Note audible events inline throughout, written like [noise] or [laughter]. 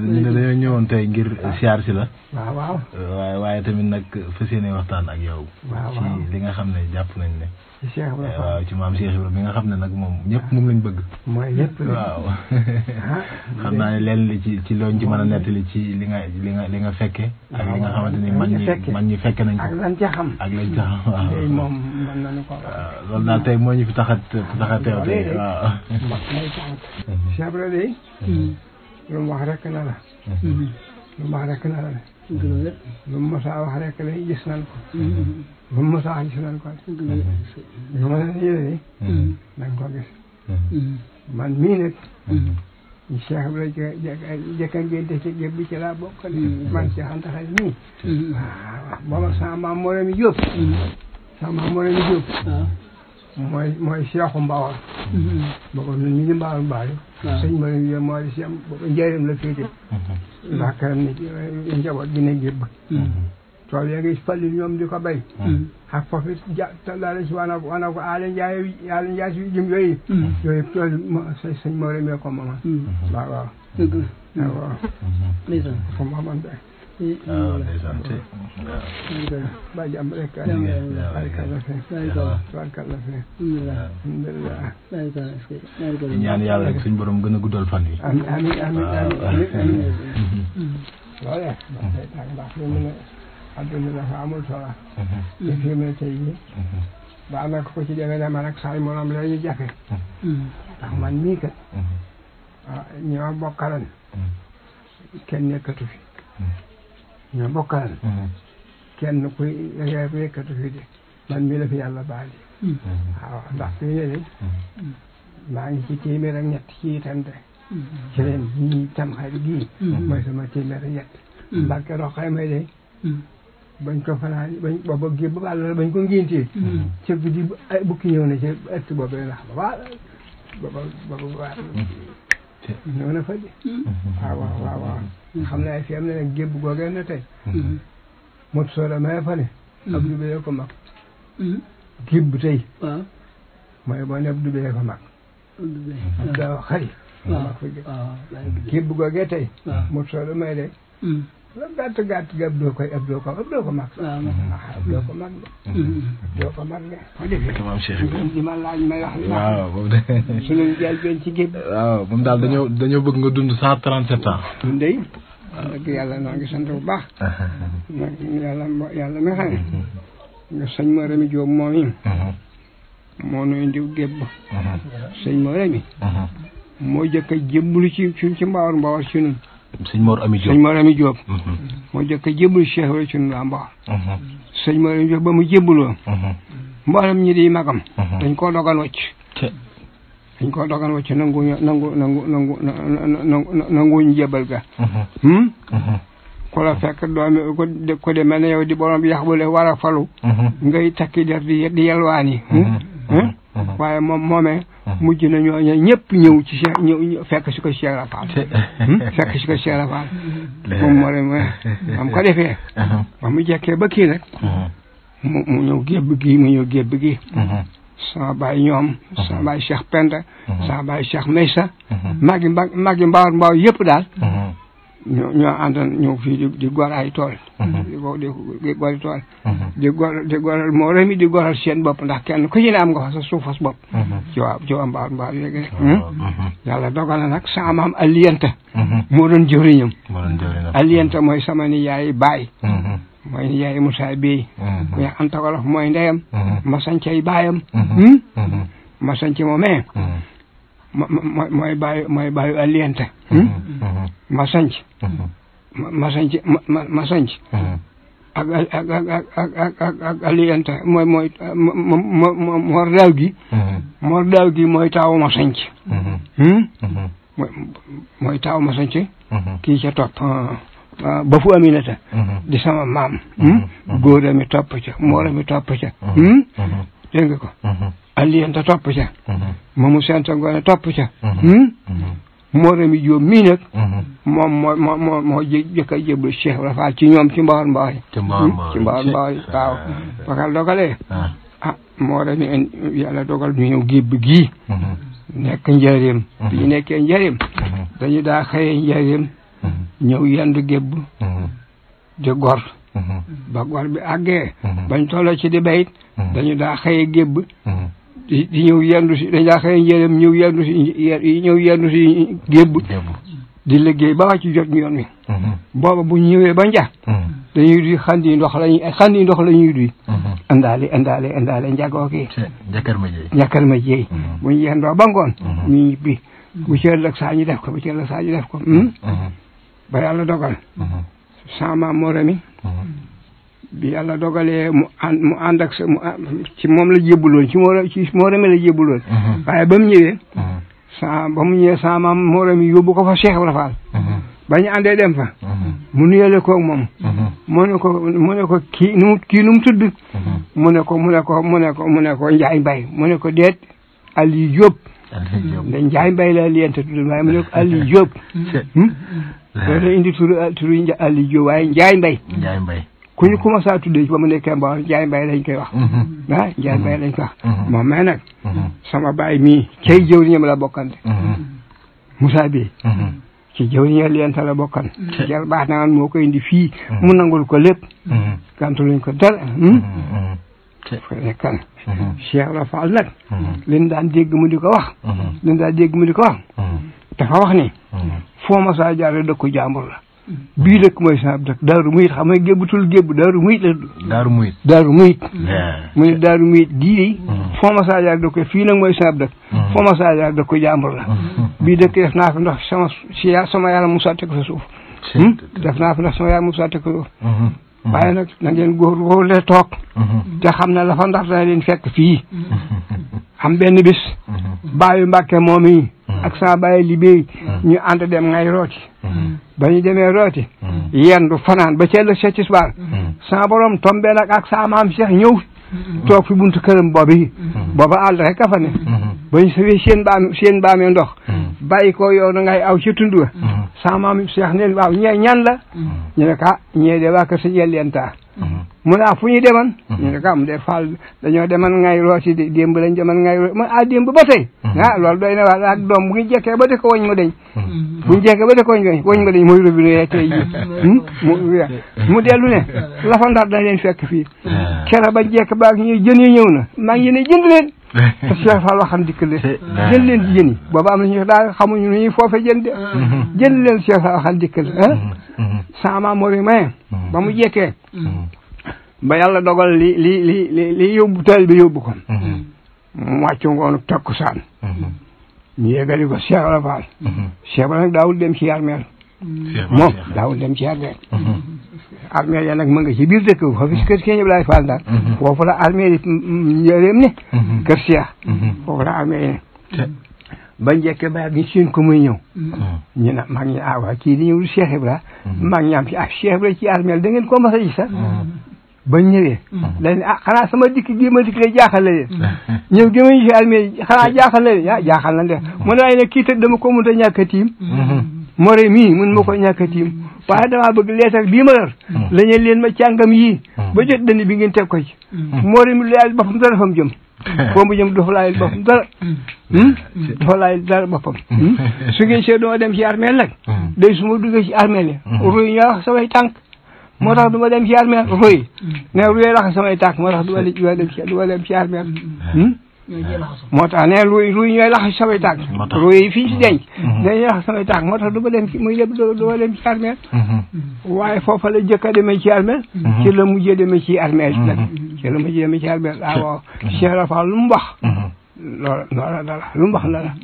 ñu ne dañoo ñëwoon tey ngir ah. siyaar si la. waaye waaye tamit nag fas yéene waxtaan ak yow. ci li nga xam ne jàpp nañ ne. ci Cheikh Ibrahima waaw ci maam Cheikh Ibrahima bi nga xam ne nag moom ñépp ah. moom lañu bëgg. mooy ñëpp waaw. Ah. [laughs] xam naa ne leen li ci ci looñ ci mën a nettali ci li nga li nga li nga fekke ak li nga xamante ni ñi man ñi fekke nañ ko. ak lañ ca xam ak lañ ca xam waaw. moom daal tey moo ñu fi taxat taxateew tey waaw. [laughs] lu mu wax rek la. Mm-hmm. lu mu wax rek la lu mu mosaa wax rek de gis nan ko. Mm-hmm. lu mu mosaa wax nan ko lu ma leen yéene mm-hmm. nii. ko gis. man mii nag. Cheikh Ibrahima jëkk a génte ci géb bi ci laa bokk man ci xanta mooy mooy seexu Mbawar. booba ñun ñu ngi Mbawar Mbaayu. waaw sëñ Malick mooy si am booba njëriñ la féete. Mm-hmm. ndax këram ni eh, njaboot gi ne gébb. Mm-hmm. tool yaa ngi falli ñoom di ko béy. Mm-hmm. ak foofu it ja daal si wàllu wàllu Aale Ndiaye Aale Ndiaye si jëm yooyu. yooyu tool mo sëñ Mor ko moom. waaw waaw. dëgg la waaw. waaw day ñaan yàlla rek suñu borom gën a guddal fan yi. amiin amiin amiin amiin. amul solo. ci demee dama rek saa yu morom jafe. ndax man mii kat. ñoo bokkalan. kenn nekkatu fi. ñoo bokkaale kenn kuy yekkatu fi de man mii la fi yàlla baali waaw ndax fi ne ni maa ngi ci téeméer ak ñett ci itam de ci leen ñi tamxarit gii mooy sama téeméer ak ñett mbàkke roxay may de bañ ko fanaan bañ booba gi ba bàll la bañ ko ngéntee ca guddi ay bukki ñëw na ca ëtt boobee ndax ba baa booba booba ñoo na fa di mm-hmm. waaw waaw waaw waaw mm-hmm. xam naa fi am na nag gébb googee na tey mm-hmm. mot soola mae fa ne ab dubee ko mag gébb tey waaw mooy boo ne ab dubee ko mag ab daaw xari mag fa gébb gébb googee tey mot soola may day la gàtt gàtt gi Abdou koy Abdou ko Abdou ko mag. waaw Abdou ko mag de. Abdou mm-hmm. ko mag de. ma dégg ko maam Cheikh Ibrahima di ma laaj may wax. waaw boobu de. ci lañ jaay benn ci géej. waaw moom daal dañoo dañoo bëgg nga dund cent trente sept ans. dundee. waaw dëgg yàlla naa ngi sant bu baax. nag yàlla yàlla mi xam mm-hmm. ne. nga sëñ ma Rémi Diop moom yi. Mm-hmm. moo nuy ndiw gébb. sëñ ma Rémi. moo jëkk a jëmblu ci ci mbawar mbawar ci ñun. sëñ Mor Ami Diop sëñ Mor Ami Diop. Mm-hmm. moo jëkk a jébbalu Cheikh Ibrahima Thioune Lambo. sëñ Mor ba mu jébbaloo. Mm-hmm. mboolem ñi di magam. Mm-hmm. dañ koo dogal wàcc. dañ koo dogal wàcc nangu nangu jébbal ga. Hmm? ku la fekk doomi ko ko de mel di borom yàq bu le war a falu. ngay takki der di di yelwaani. Hmm? Hmm? waaye moom moomee. mujj na ñoo ñëpp ñëw ci Cheikh fekk si ko Cheikh Rafal hmm? fekk si ko Cheikh Rafal moom moo leen am ko defee ba mu jekkee ba kii nag mu mu ñëw gi mu ñëw gébb gi sama baay ñoom sama baay Cheikh Penda hmm. sama baay Cheikh Maysa hmm. maagi mba maagi mbaawar daal ñoo ñoo àndoon ñëw fii di di gor ay tool. di go tool. di gor di moo mhm. rëmi di goral seen bopp ndax kenn ku ci am nga fa sa suufas bopp. Mhm. ci waa mbaar mbaar yeeg rek. Mhm. Hmm? yàlla dogal na nag sama maam Aliyanta. moo doon jëwriñam. moo doon jëwriñam Aliyanta mooy sama ni yaay baay. mooy ni yaay Moussa Bey. ku ñu Anta Wolof mooy ndeyam. ma sañ cay baayam. Hmm? ma ci moomee. mooy bàyyi mooy bàyyi alliente hmm? hmm? hmm. ma sanc ma sanc ma ma sanc ak ak ak ak ak ak alliente mooy mooy moor daaw gi moor daaw gi mooy taaw ma sanc mooy taaw ma sanc kii ca topp ah, ah, ba aminata di sama maam góor a mi moor a mi topp ko alliyanta topp ca moomu mhm. senta ngoone topp ca moo mhm. hmm? mhm. rami jóob mii moo moo moo moo jëkk a jéblu Cheikh Ibra Fall ci ñoom ci mbaxar mbaxar yi ci mbaxar mbaxar yi waaw ah. bakal dogalee ah, ah moo dogal ñu ñëw gébb gii nekk njëriñ bi ñu nekkee njëriñ dañu daa xëyee njëriñ ñëw yendu gébb di gor ba gor bi àggee bañ tolloo ci di bayit dañu daa xëyee gébb di ñëw yendu si dañ daa xëy njëriñam ñëw yendu si ñëw di liggéey ba wàcc jot yoon wi mm-hmm. booba bu ñëwee ba njax mm-hmm. dañuy duy xandi ndox lañuy xandi ndox yi ñuy duy andaale mm-hmm. andaale andaale njagoo kii njakkar ma jeey bu ñu yendoo ba ngoon ñu ñibbi bu ci ëllëg ñu def ko bu ci ëllëg saa ñu def ko hmm? ba dogal sama moore mi bi yàlla dogalee mu ànd mu ànd ak ci moom la jébbaloon ci moo ci moo reme la jébbaloon mm-hmm. waaye ba mu ñëwee mm-hmm. sa ba mu ñëwee sa maam yóbbu ko fa Cheikh Ibra Fall mm-hmm. ba ñu àndee dem fa mu nuyale koog moom mu ne ko mu ne ko kii kii nu mu tudd mu ne ko mu ne ko mu ne ko mu ne ko Njaay Mbay mu ne ko deet Aliou Diop da Njaay Mbay la liyente tudd waaye mu ne ko Aliou Diop [laughs] hmm? loolu indi turu ku ñu commencé a tuddee ba mu nekkee mboor Njaay Mbay lañ koy wax mm-hmm. ah Njaay Mbay lañ koy wax mm-hmm. moom mais nag mm-hmm. sama baay mii cay jëw ñam la bokkante Moussa bi ci jëw ñi leenta la bokkan jal baax na moo koy indi fii mu nangul ko lépp gantu luñ ko dara hmm? fa nekkan Cheikh la Fall nag liñ daan dégg mu di ko wax liñ daan dégg mu di ko wax dafa wax ni foo ma saa jaare dëkku jàmbur la bii dëkk mooy sama dëkk daaru muyit xam nga gébbutul gébbu daaru muyit la daaru muyit daaru mu ne daaru muyit gii foo ma saa yaag fii nag mooy sama dëkk foo ma saa yaag da koy bii dëkk def naa fi ndox sama si sama yàlla mu sotti ko sa suuf hmm? def naa fi ndox sama yàlla mu sotti ko suuf hmm. Hmm. waaye nag na ngeen góor góor le toog te xam na la fa ndax dana leen fekk fii am benn bis mm-hmm. baayu mbàkke moom yi mm-hmm. ak saa bàyyi liggéey mm-hmm. ñu ànd dem ngay rooti ba ñu demee rooti yendu fanaan ba cell sa tisbaar saa borom tombee nag ak saa maam Cheikh ñëw toog fi buntu këram boobu yi booba àll rek a fa ne ba ñu baam seen ndox bàyyi ko yoonu ngay aw ci tund wa saa maam Cheikh ne waaw ñee ñan la ñu ne ka ah, ñee de waa kër sa jelleen mu ne ah fu ñu deman mm-hmm. ñu ne ko am ah, de dañoo deman ngay rooti di démb lañ deman ngay rooti mu ah démb ba tey mm-hmm. ah loolu doy na waa ak ah, doom bu ñu jekkee ba dëkk wañ ma deñ mm-hmm. bu ñu jekkee ba dëkk woñ ma deñ wañ ma deñ mooy robinet mu dellu ne lafandaat [laughs] dañ leen fekk fii ah. kere ba jekk ba ñuy jën yi ñëw na maa ngi yéene jënd leen te [laughs] Cheikh Fall leen jël leen jën am na ñu daal xamuñu nu ñuy foofe jën de jënd leen Cheikh Fall waxam dikk leen sama moo bi maye ba mu jekkee ba yàlla dogal li li li li li yóbbu taal bi yóbbu ko mm-hmm. mu wàccu ngoonu takkusaan mm-hmm. ñu yeggali ko Cheikh Ibra Fall mm-hmm. Cheikh Ibra nag daawul dem ci armeel moom daawul dem ci armeel nag ma nga ci biir dëkk bi foofu kër Cheikh Ibrahima Fall daal la armeel yi njëreem ne kër Cheikh foofu ko muy ñëw ñu ne mag ñi ah waa ñëw Cheikh Ibra mag ñaam ah, ci armeel da ko mas a bañ ñëwee mhm. a ne ah sama dikk bi ma dikk lay jaaxal la leen [laughs] mhm. ñëw gi ma si almee xanaa jaaxal la leen ah jaaxal na de mhm. mu ne waaye nag kii tëdd dama ko mënut a ñàkk a tiim more mii mun ma ko ñàkk a tiim waaye damaa bëgg leetar bii ma yor la ñu leen ma càngam yi ba jot dani bi ngeen teg ko ci more mi laayal boppam dara fam jëm boo mu jëm [laughs] dafa laayal boppam dara hmm? dafa laayal dara boppam hmm? [laughs] su ngeen seet duma dem ci armeel nag day su ma duggee ci armeel yi ruy ñoo wax samay moo tax du ma dem ci armeel fooy ne ruy raxas samay tànk moo tax du ma dem ci armeel hmm? moo tax ne ruy ruy ñooy laxas samay tànk ruy fi ñu si denc hmm. dañuy laxas samay tànk moo tax du ma dem ci muy lépp du ma dem ci armeel hmm. waaye la jëkk a demee ci armeel ci la mu demee ci ci la mujjee demee armeel ah waaw Cheikh Rafal mu wax loola loola dara lu mu wax dara.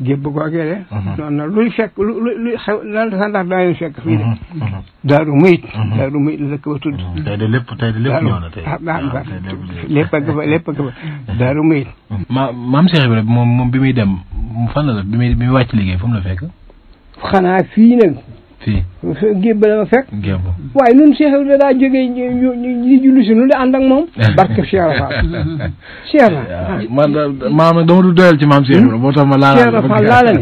gébb googee luy lu luy xew lan sax ndax fii de mm-hmm. daaru muyit. Mm-hmm. daaru muyit la ko tudd. Mm-hmm. tey de lépp ah, ah, ah, tey de lépp ñëw na tey. lépp ak ba lépp ak ma maam Cheikh Ibrahima moom moom bi muy dem fan la la bi muy bi muy wàcc liggéey fu la fekk. xanaa fii nag. fii gébb la ma fekk waaye nun Cheikh Ibrahima daa jógee julli si nun di ànd moom [laughs] barke Cheikh Rafal Cheikh na maam dama du doyal ci maam Cheikh Ibrahima moo tax ma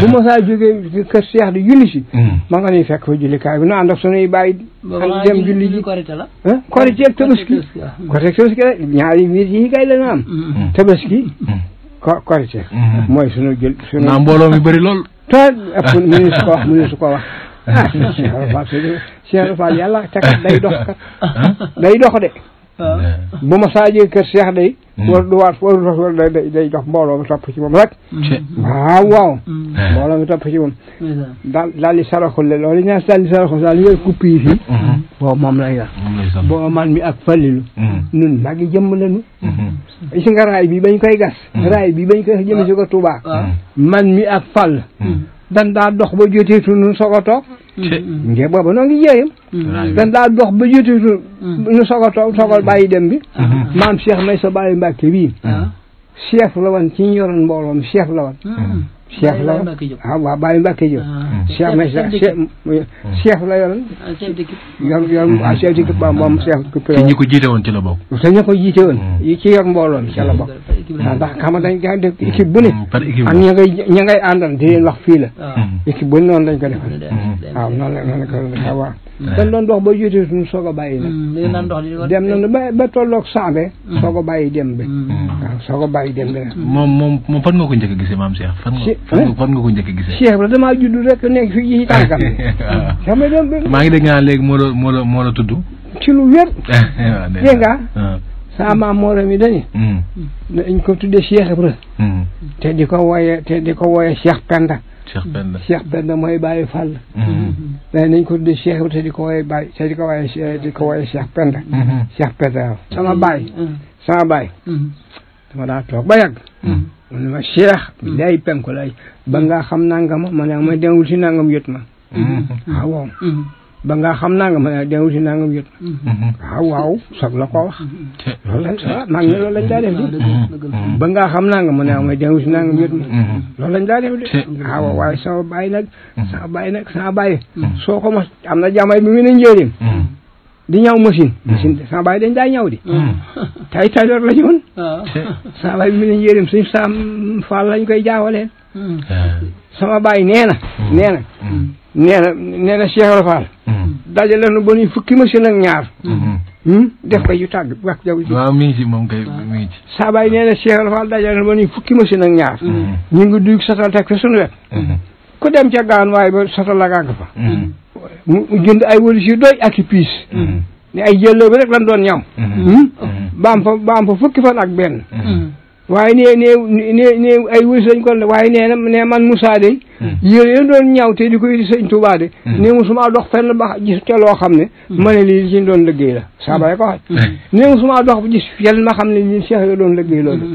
bu ma saa jógee ci kër Cheikh di julli si hmm. ma nga nuy fekk fa jullikaay bi nu ànd ak sunuy bàyyi ak dem julli ji korite la korite ak tabaski korite ak tabaski la ñaari miir yi kay la am hmm. Hmm. tabaski korite mooy sunu jël sunu naa mbooloo mi bëri lool te mu mu ne su ko wax ah Cheikh Ibra Fall Cheikh Ibra Fall yàlla ca kat day dox day dox de. bu ma saajee kër Cheikh day. war du waat war war day day dox mbooloo mi topp ci moom rek. waaw waaw. mbooloo mi topp ci moom. daal daal di saraxul la loolu ñu naan daal di saraxul daal di yor kupp yi fii. boobu moom lay def. boobu man mi ak Fallilu. ñun mag jëmm lañu. gis nga raay bi bañ koy gas. raay bi bañ koy jëmee si ko Touba. man mi ak Fall. dan daa dox ba joteetu nu soog a nge booba noo ngi jéeyam dan daa dox ba joteetu nu mm. soog a toog soogal bàyyi dem bi mm. Mm. maam Cheikh may sa bàyyi Mbàkke bii ah. chef la woon ci ñoroon mbooloom chef la woon cheikh la ah waaw Baye Mbacke Diop. Ah. cheikh na ah. cheikh la yoroon. chef d'équipe. yor yor ah chef d'équipe ah, moom chef. te ñi ko jiite woon ci la bokk. te ñi ko jiite woon. Mm. yi ci yor mbooloo mi ci la bokk. ndax xam nga dañ daan def équipe bu ne. Mm, ak ña ngay ña ngay àndal di leen wax fii la. Mm. équipe bu ne noonu lañ ko defal. waaw noonu la noonu la ko waaw. Eh. dañ doon dox ba jiiteetuñu soog a bàyyi mm, nag dem nañu ba ba tolloog saabe mm. soog a bàyyi dem bi waaw mm. ah, soog a bàyyi dem bi nag moom moom moom fan nga ko njëkk a gisee maam Cheikh fan nga eh? ko njëkk a gisee Cheikh damaa judd rek nekk fii ci tànkam [laughs] ah, maa ngi dégg naa léegi moo la moo la moo ci lu wér [laughs] ah, dégg nga sa maam Moram yi dañ ko tuddee Cheikh te di ko wooyee te ko wooyee Cheikh Penda. Cheikh Penda Cheikh Penda mooy Baye Fall. nañ ko tuddee cheikh bi te di ko woowee Baye te di ko woowee di ko woowee sama Baye. sama Baye. dama daa toog ba yàgg. mu ne ma cheikh. day penku lay ba nga xam nangam ma ma ne ma demul si nangam yot ma. waaw. ba nga xam nangam eh, da wuti nangam yot mm-hmm. waaw waaw soog la koo wax loolu lañ ah, maa ngi ne di mm-hmm. mm-hmm. ba nga xam nangam mu ne am ah, da wuti nangam yot loolu lañ daa def di ah, waaw waaye sama bay soo ko mos am na jàmbaay bi mu ne njëriñ di ñaw machine machine sama bàyyi dañ daa ñaw di [laughs] tay tay lor la ñoon sama bàyyi bi mu lañ koy jaawaleen sama bàyyi nee nee na nee na Cheikh Ibra mm-hmm. dajale na ba nuy fukki machine ak ñaar. Mm-hmm. Hmm? def ko yu tàgg wax jaww ji. waaw mi ngi ci moom kay mi ngi ci. dajale na ba nuy fukki machine ak ñaar. Mm-hmm. ñu ngi satal teg fi suñu wet. ku dem ca gaan waaye ba satal la gàgg fa. mu ay wëlis yu doy ak i piis. ne ay jëlloo bi rek lan doon ñam. Hmm? baam fa fukki fan ak benn. waaye nee nee nee nee ay wërs lañ ko waaye nee na nee man musaa de yéen hmm. yéen doon ñaaw te di ko indi sëñ Touba de hmm. nee musuma dox fenn ba gis ca loo xam ne hmm. ma lii ci doon liggéey la saabay ko xaj nee dox ba gis fenn xam ne lii Cheikh yoo doon liggéey loolu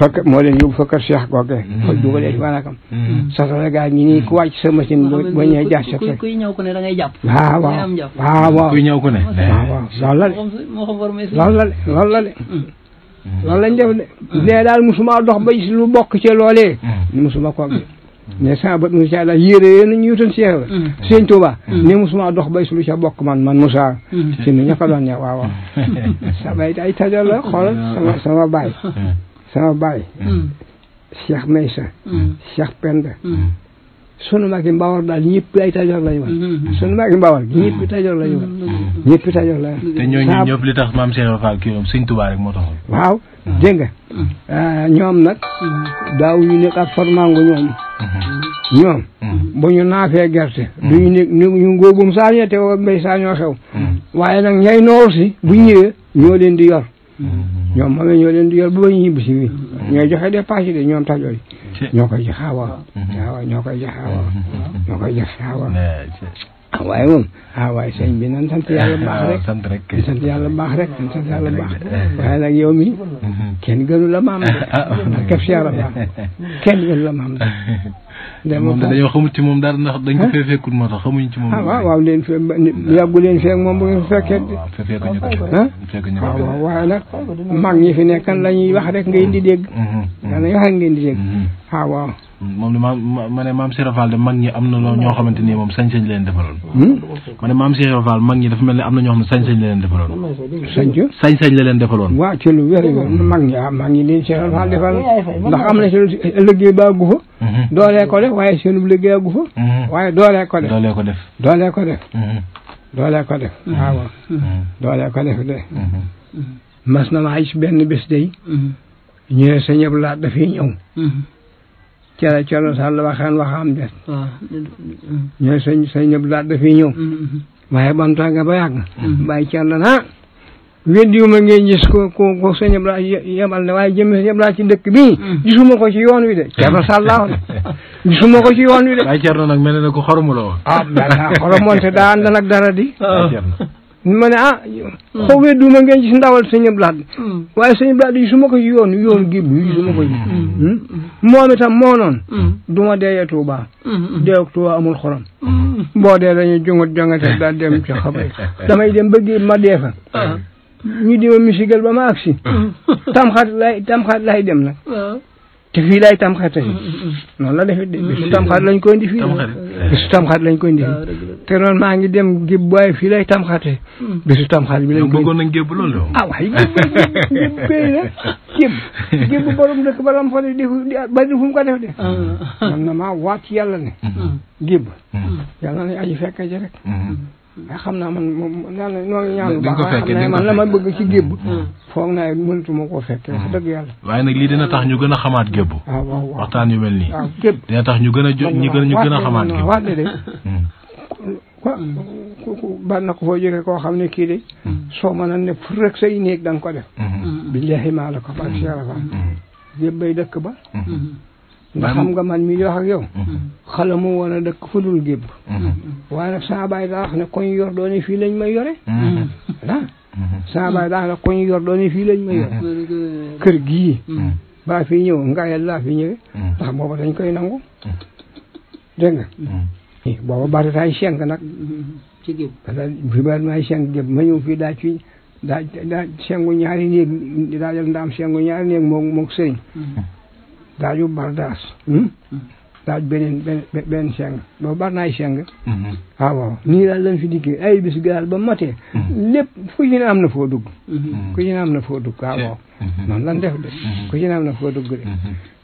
fakk moo leen yóbbu fakkar Cheikh googe fa dugalee ci ñi ku wàcc sa machine ba ñëwee jaas kuy ñëw ku ne da ngay jàpp waaw waaw waaw waaw waaw waaw loolu la de loolu la de Mhm. loolu lañ def de nee daal musuma dox ba gis lu bokk ci loolee mhm. musuma ko mais sama bët Moussa allah yére yéen ñu yutoon Cheikh la sëñ Touba ne musuma dox bay sulu ca bokk man man Moussa mhm. ci nu ña doon ne waaw waaw [laughs] sama it ay tajal la xoolal sama sama baay sama baay Cheikh Maysa Cheikh Penda sunu mag yi Mbawar daal ñëpp ay Kajoor lañu woon. Mm-hmm. sunu mag yi Mbawar ñëpp Kajoor mm-hmm. lañu woon. Mm-hmm. ñëpp Kajoor lañu woon. te ñooñu ñëpp li tax maam Cheikh Fall kii moom Sëñ Tuubaa rek moo taxoon. waaw dégg nga. Ah, ñoom nag. daawuñu nekk ak formangu ñoom. ñoom. bu ñu naafee gerte. du ñu nekk ñu ngóobum saa ñetti wala mbéy saa ñoo xew. waaye nag ñay noor si bu ñëwee ñoo leen di yor. ñoom moom la ñoo leen di yor bu ba ñu ñibbi si biir. ñooy joxe dépense de ñoom Kajoor yi. ñoo koy jox Awa. Awa ñoo koy jox Awa. ñoo koy jox Awa. Ah, waaye moom ah waaye sëñ bi nan ah, sant yàlla baax rek sant rek di sant yàlla baax rek di mi kenn gënu la maam de. [laughs] ah la maam de. [laughs] moom dañoo xamul ci moom dara ndax dañ ko fee fekkul moo tax xamuñ ci moom. ah waaw waaw leen fee yàggu leen fee moom bu ngeen fekkee. waaw fekk ñu ko fekk ñu ko waaw waaye nag mag ñi fi nekkan la ñuy wax rek ngeen di dégg. dañuy wax rek ngeen di dégg. ah waaw. moom ma ma ne maam Serap Fall de mag ñi am na loo ñoo xamante ni moom sañ-sañ leen defaloon. ma ne maam Serap Fall mag ñi dafa mel ne am na ñoo xam ne sañ-sañ la leen defaloon. sañ-sañ sañ-sañ la leen defaloon. waaw ci lu wér mag ñi ah mag ñi lii Serap Fall defal ndax am na ci liggéey baagu fa. Mm-hmm. doolee ko def waaye seenum liggéey agu fa mm-hmm. waaye doolee ko def doolee ko def doolee ko def doolee ko def doole ko def de mas na maa gis benn bés day mm-hmm. ñu ne sa ñëpp laat dafay ñëw cere coro sàll waxaan waxaam des ñu sa ñëpp laat dafay ñëw waaye bam tàgga ba yàgg bàyyi cere naa weddiwuma ngeen gis ko ko ko sëñ Abla waaye jëmmi sëñ Abla ci dëkk bii hmm. gisuma ko ci yoon wi de Ceerno Sall laa woon [laughs] ko ci yoon wi de waaye na nag mel na ko xoromu la woon ah xoromonte daa ànd dara di ah, ah. ma ne ah xaw weddiwuma ngeen gis ndawal sëñ Abla hmm. waaye sëñ Abla gisuma ko ci yoon yoon gi bi gisuma ko ci hmm. moom itam moo noon du ma deeyee Tuuba deew Tuuba amul xorom boo dee dañuy jungut jongate daa dem ci xabay [laughs] damay dem bëgg ma dee fa ah. ñu di ma musigal ba ma agsi ah. [laughs] tamxaat lay tamxaat lay dem nag te fii laay tamxaat tey mm, mm, mm. noonu la defee bisu lañ koy indi fii bisu tamxaat lañ koy indi fii ah. ah, te noonu maa ngi dem gébb waaye fii laay tamxaatee bisu tamxaat bi lañ koy bëggoon nañ gébb loolu na gébb gébb borom dëkk ba lam fa def ba fu mu ko def de man na maa waat yàlla ne gébb yàlla na aji fekk ji rek xam naa man moom naan la ñoo ngi ñaan bu baax xam naa man bëgg ci gébb mm. Mm. foog naa mënatuma koo fekkee wax dëgg yàlla mm. waaye nag lii dina tax ñu gën a xamaat gébb ah, waxtaan yu mel nii ah, gébb dina tax ñu gën a ñu ñu gën a xamaat gébb waat ko ban na ko foo jógee koo xam ne kii de soo mën a ne fu rek say néeg da nga ko def mm-hmm. billahi maa la ko barke yàlla fa mm-hmm. gébbay dëkk ba mm-hmm. nga xam nga man mi di wax ak mm-hmm. mu woon a dëkk fu dul gébb mm-hmm. waaye nag daa wax ne yor doone fii lañ may yore ah saa baay daa wax ne koñ yor doone fii lañ may yore mm-hmm. Ah. kër fi ñëw ngayel laa fi ñëwee ndax booba dañ koy nangu dégg nga eh, booba barataay nag ci gébb fi barataay cheng gébb ma ñëw fii daa ci daa daa sengu ñaari néeg daajal ndaam sengu ñaari néeg moo moog sëriñ daa yóbbu bal daas. daaj hmm? beneen benn benn seng boobu bari naay seng. waaw hmm. ah, waaw nii daal lañ fi dikkee ay bis gaal ba matee. Hmm. lépp ku ci ne am na foo dugg. ku ci ne am na foo dugg ah, waaw waaw. lan def de ku ci ne am na foo dugg de.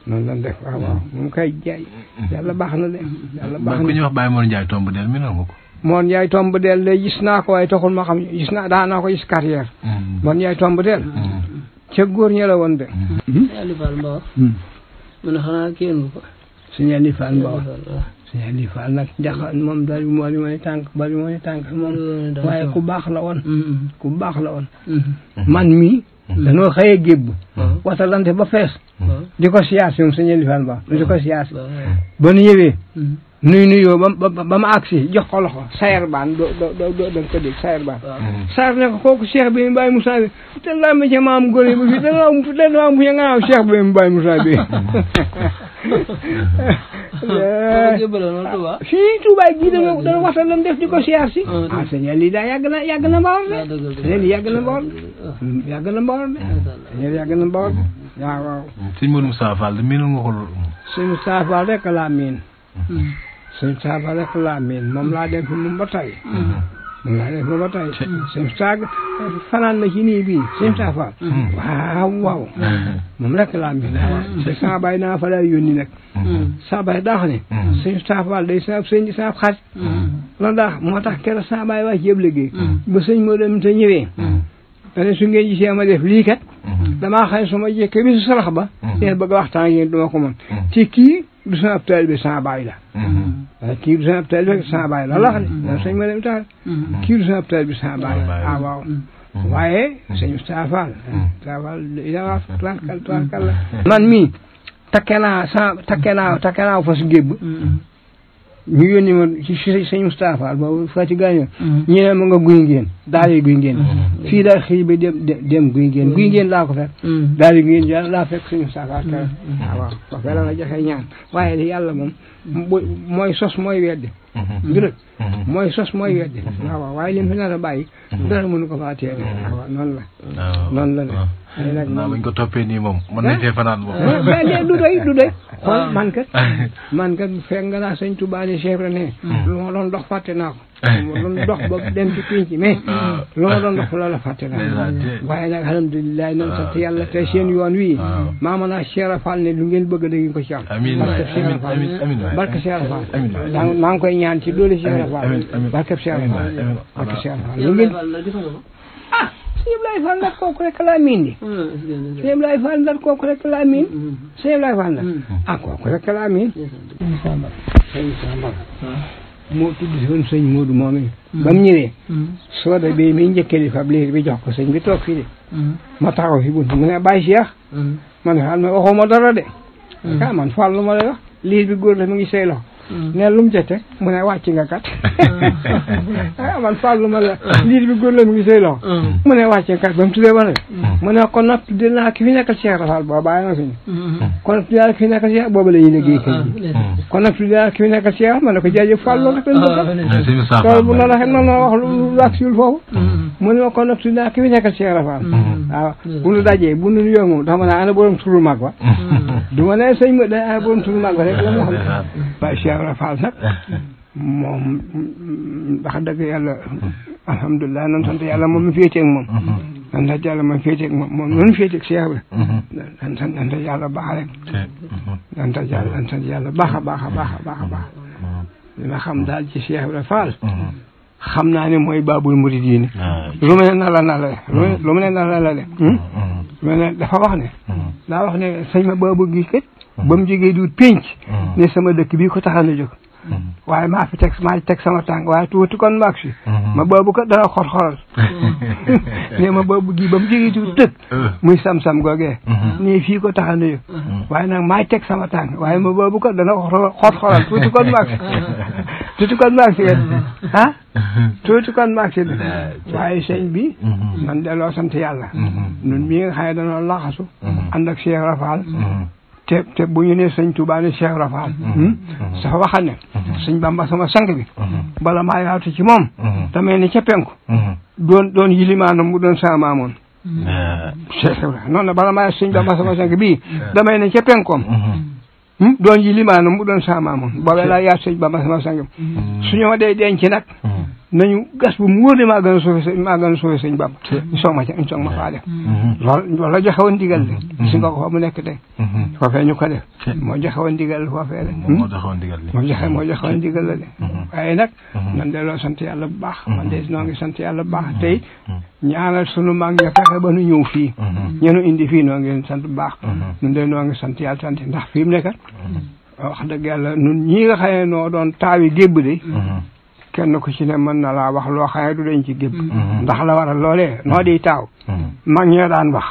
noonu lan def ah, waaw waaw baax na de yàlla baax na ku ñuy wax Baye Mor Ndiaye tomb del mi noonu ko. de gis naa ko waaye taxul ma xam gis naa daan naa ko gis carrière. Mor Ndiaye tomb del. ca góor ña de. mu ne xanaa kii yëngu ko. suñu Aliou Fall moom daal moo di may tànk bari moo di tànk moom waaye ku baax la woon. ku baax la woon. man mii. danoo xëyee gébb watalante ba fees di ko siyaas ñoom sëñ Elifane Ba di ko siyaas ba nu ñëwee nuy nuyoo ba ba ma agsi jox ko loxo sayar baan do do do da nga ko dégg sayar baan sayar ne ko kooku cheikh bi mu bàyyi Moussa bi te laa ma ca maam góor ba fii danaa am danaa am ca nga naaw cheikh bi mu bàyyi Moussa bi fii Touba gii da dana waxtaan lam def di ko siyaar oh, ah, ah, oh. hmm, ah, si ah sëñ lii daa yàgg na yàgg na mbawoor de léegi yàgg na mbawoor de yàgg na mbawoor de léegi yàgg na mbawoor de waaw waaw sëñ Modou Moustapha Fall de miinul nga ko loolu sëñ Moustapha Fall rek laa miin hmm. sëñ Moustapha Fall rek laa miin laa dem fi moom ba booba tay sëñ saag fanaan na ci nii bii sëñ saa faal waaw waaw moom rek laa mi te saa baay naa fa daal yónni nag saa baay daa xam ne sëñ saa faal day saab sëñ di saab xarit loolu daa moo tax keroog saa baay waa ci yëpp liggéey ba sëñ moo dem te ñëwee dane su ngeen gisee ma def lii kat damaa xam ne su ma jekkee bi su sarax ba ngeen bëgg a waxtaan ak yéen duma ko mën te kii du sama ab taalibe sama baay la waaye kii du sama ab taalibe sama baay la loolu la xam ne moom sëñ ma dem taal kii du sama ab taalibe sama baay la ah waaw waaye sëñ Moustapha Moustapha ilawaaf tuwaarkal tuwaarkal la man mii takke naa sama takke naa takke naa fas gébb mm-hmm. ñu yónni ma ci sëñ Moustapha boobu fa ci gaañoo mm-hmm. ñu ne ma nga guy ngeen daal di guy ngeen mm-hmm. fii daal xëy ba dem dem guy laa ko fekk mm-hmm. daal di guy ngeen laa fekk sëñ Moustapha te waaw wax la na joxe ñaan waaye yàlla moom mooy sos mooy wedde moy mooy sos mooy wedde ah, waaw waaye li mu fi nar a bàyyi dara mënu ko faa teere ah, waaw la ah, naa lañ ko toppee nii moom mën nañ cee fanaan moom mais du doy du doy xool man kat man kat fekk nga naa sëñ Tuubaa ne Cheikh Ibra ne lu ma doon dox fàtte naa ko lu ma doon dox ba dem ci pinc mais lu ma doon dox loola fàtte naa waaye nag alhamdulilah noonu sant yàlla te seen yoon wii maama naa Cheikh Rafal lu ngeen bëgg da ngeen ko ci am barke Cheikh Rafal barke Cheikh Rafal maa ngi koy ñaan ci doole Cheikh Rafal barke Cheikh Rafal barke Cheikh Rafal lu si Ibrahima Fall nag kooku rek laa miin di ah, si Ibrahima Fall nag kooku rek laa miin mm-hmm. si Ibrahima Fall nag mm-hmm. ah kooku rek laa miin sëñ Issa Mbacké sëñ Issa Mbacké moo tudd si woon sëñ Moodu mm-hmm. ba mu ñëwee sooda bi mi njëkkee di fab bi jox ko bi toog fii de ma taxaw fi bunt mu ne bàyyi Cheikh man Fall ma waxuma dara de ka ah, man Fall lu ma lay wax liir bi góor la mu ngi say Mm. ne lu mu ca teg mu ne wàcc nga kat mm. [laughs] ah, man fàllu ma la liir bi góor la mu ngi sëy loxo mm. mu ne wàcc nga kat ba mu tuddee ba nag mu ne kon nag tuddee naa ki fi nekkal Cheikh Rafal booba bàyyi na suñu kon nag tuddee naa ki fi nekkal Cheikh booba la ñuy liggéey kër gi kon nag tuddee naa ki fi nekkal Cheikh ma ne ko jaajëf fàllu loolu rek la ah, loolu bu noonu waxee noonu wax lu wax siul foofu mu ne ma kon nag tuddee naa ki fi nekkal Cheikh Rafal waaw ah, bu nu dajee bu nu yëngu dafa ma ne ana borom turu mag ba du ma ne sëñ ma day ana borom turu mag ba rek la ma [laughs] xam Ibra Fall nag [laughs] moom ndax mm, dëgg yàlla mm. alhamdulilah nan sant yàlla moom mi féetee ak moom mm-hmm. nan sant yàlla moom féetee ak moom moom noonu féetee ak Cheikh bi mm-hmm. nan sant nan sant yàlla baax rek mm-hmm. nan sant yàlla nan sant yàlla baax a baax a baax a baax a baax li ma xam daal ci Cheikh Ibra Fall xam naa ne mooy baabul muridiin ah, lu mu ne nala nala lu mu ne nala nala lu mu hmm? ne dafa wax ne daa wax ne sëñ ma baabu gi kët Mhm. ba mu jógee di mhm. ne sama dëkk bii ko taxal a jóg mhm. waaye maa fi teg maa teg sama tànk waaye tuuti kon maag ma boobu ko dara xor [laughs] ne ma boobu ba mu jógee muy sam-sam googee fii ko taxal a jóg waaye teg sama tànk waaye ma boobu ko dana xor-xoral tuuti kon maag si tuuti kon maag ah? ah, waaye sëñ bi man delloo sant yàlla nun mii nga xam ne danoo laxasu ànd ak Cheikh Rafal te te bu ñu nee sëñ Tuubaa ne Cheikh Rafaal sax waxal ne mm-hmm. sëñ Bamba bi mm-hmm. bala maa yaatu ci moom damay mm-hmm. ne ca penku doon doon yilimaanam mu doon sama maamoon Cheikh Ibrahima noonu la bala maa sëñ Bamba sama sang bii damay ne ca penkoom hmm? doon yilimaanam mu doon sama maamoon bala yaatu sëñ Bamba sama sang bi suñu ma dee denc nag nañu gas bu mu wóor ne maa gën a suufe maa gën a suufe sëñ Bàmba ñu soog ma faa def loolu joxe woon ndigal de mm-hmm. gis nga ko fa mu nekk tey mm-hmm. foofee ñu ko def moo joxe woon ndigal foofee de moo hmm? joxe woon ndigal moo joxe moo joxe woon ndigal de mm-hmm. nag man de loolu sant yàlla bu baax man de noo ngi sant bu baax tey ñaanal sunu mag ña fexe ba nu ñëw fii indi fii noo ngi sant bu baax ñun de noo ngi sant yàlla sant ndax fi mu nekkat wax dëgg yàlla nun ñi nga noo doon taawi gébb de kenn ko ci ne mën na laa wax loo xaye du dañ ci gépp mm-hmm. Mm-hmm. ndax la waral loolee noo di taaw mm-hmm. mag ñoo daan wax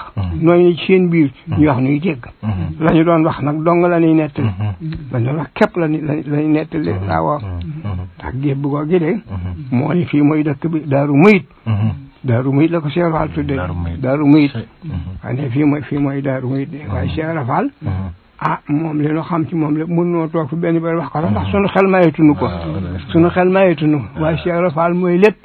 nooy seen biir ñu wax nuy dégg la doon wax nag dong la ñuy nettali la doon wax képp la lañuy nettali waawoo ndax gépp goo gi de moo fii mooy dëkk bi daaru muyit daaru muyit la ko Cheikh Fall tudde daaru muyit waaye ah moom li ñu xam ci moom lépp mën noo toog fi benn benn wax ko la ndax sunu xel mayetunu ko sunu xel mayetunu waaye Cheikh Ibra Fall mooy lépp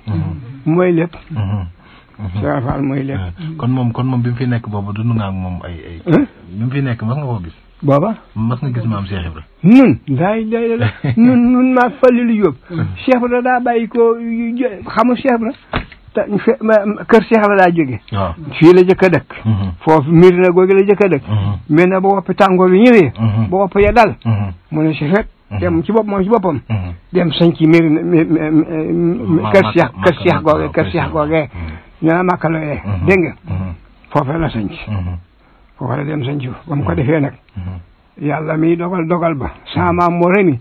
mooy lépp Cheikh Ibra Fall mooy lépp kon moom kon moom bi mu fi nekk boobu dund nga ak moom ay ay bi mu fi nekk mas nga ko gis booba mas nga gis maam Cheikh Ibra nun daay day la nun nun maa fali lu yóbbu Cheikh Ibra daa bàyyi ko xamu Cheikh Ibra kër Cheikh la daa jóge fii la jëkk a dëkk mm-hmm. foofu miir na googi la jëkk a dëkk mm-hmm. mais na ba wopp tàngoor bi ñëwee mm-hmm. ba wopp ya dal mu ne si fekk dem ci bopp moom ci boppam dem sañ ci miir kër Cheikh kër Cheikh googe kër Cheikh googe ñu naan màkka looyee dégg nga foofee la sañ ci foofu la dem sañ ba mu ko defee nag yàlla mi dogal dogal ba sama maam moo remi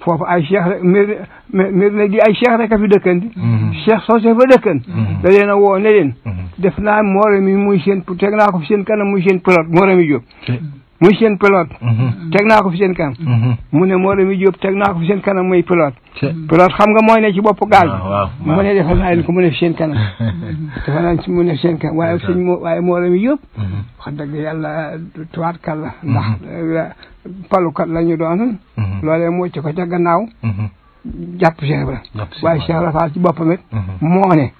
foofu ay cheikh rek mir mir ne gi ay cheikh rek a fi dëkkandi mhm. cheikh soosé fa dëkkan mhm. da leen a woo ne leen mhm. def naa moo mi muy seen teg naa ko fi seen kana muy seen pilote moo remi Jóob mu muy seen pelote. Mhm. teg naa ko fi seen kanam. Mhm. mu ne moo mi Diop teg naa ko fi seen kanam muy pelote. pelote xam nga mooy ne ci bopp gaal bi. Ah, mu ne defal naa ko mu ne fi seen kanam. [laughs] defal naa mu ne waaye sëñ moo waaye moo mi Diop. Mhm. wax dëgg yàlla tuwaatkat la. ndax palukat la ñu doon. loolee moo ci ko ca gannaaw. jàpp Cheikh Ibra waaye Cheikh Ibra Fall ci boppam it. moo ne.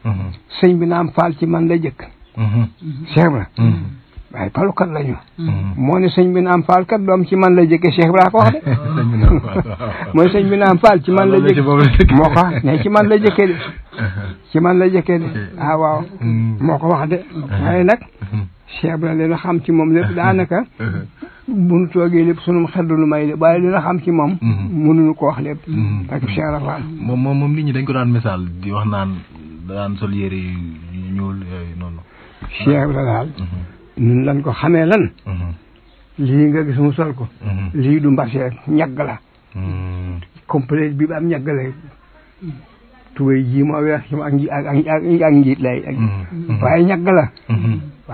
bi naam Fall ci man la jëkk. waaye palukat lañu. Hmm. Hmm. moo ne sëñ bi naam faal doom ci man la jëkkee Cheikh Ibrahima ko wax de. mooy [laughs] sëñ bi naam ci man la jëkkee moo ne ci man la jëkkee [laughs] ci man la jëkke de ah hmm. moo ko wax de. waaye nag Cheikh Ibrahima dina xam ci moom lépp daanaka. [laughs] bu nu lépp sunu xel lu may lépp waaye xam ci moom. mënuñu ko wax lépp. ak Cheikh Ibrahima. moom moom moom nit ñi dañ ko daan misaal di wax naan daan sol yére yu ñuul noonu. Cheikh Ibrahima daal. ñun lan ko xamee lan mm-hmm. lii nga gis mu sol ko mm-hmm. lii du mbaseer ñag la mm-hmm. complète bi ba am ñagg la tubéy ji moo weex ci ak la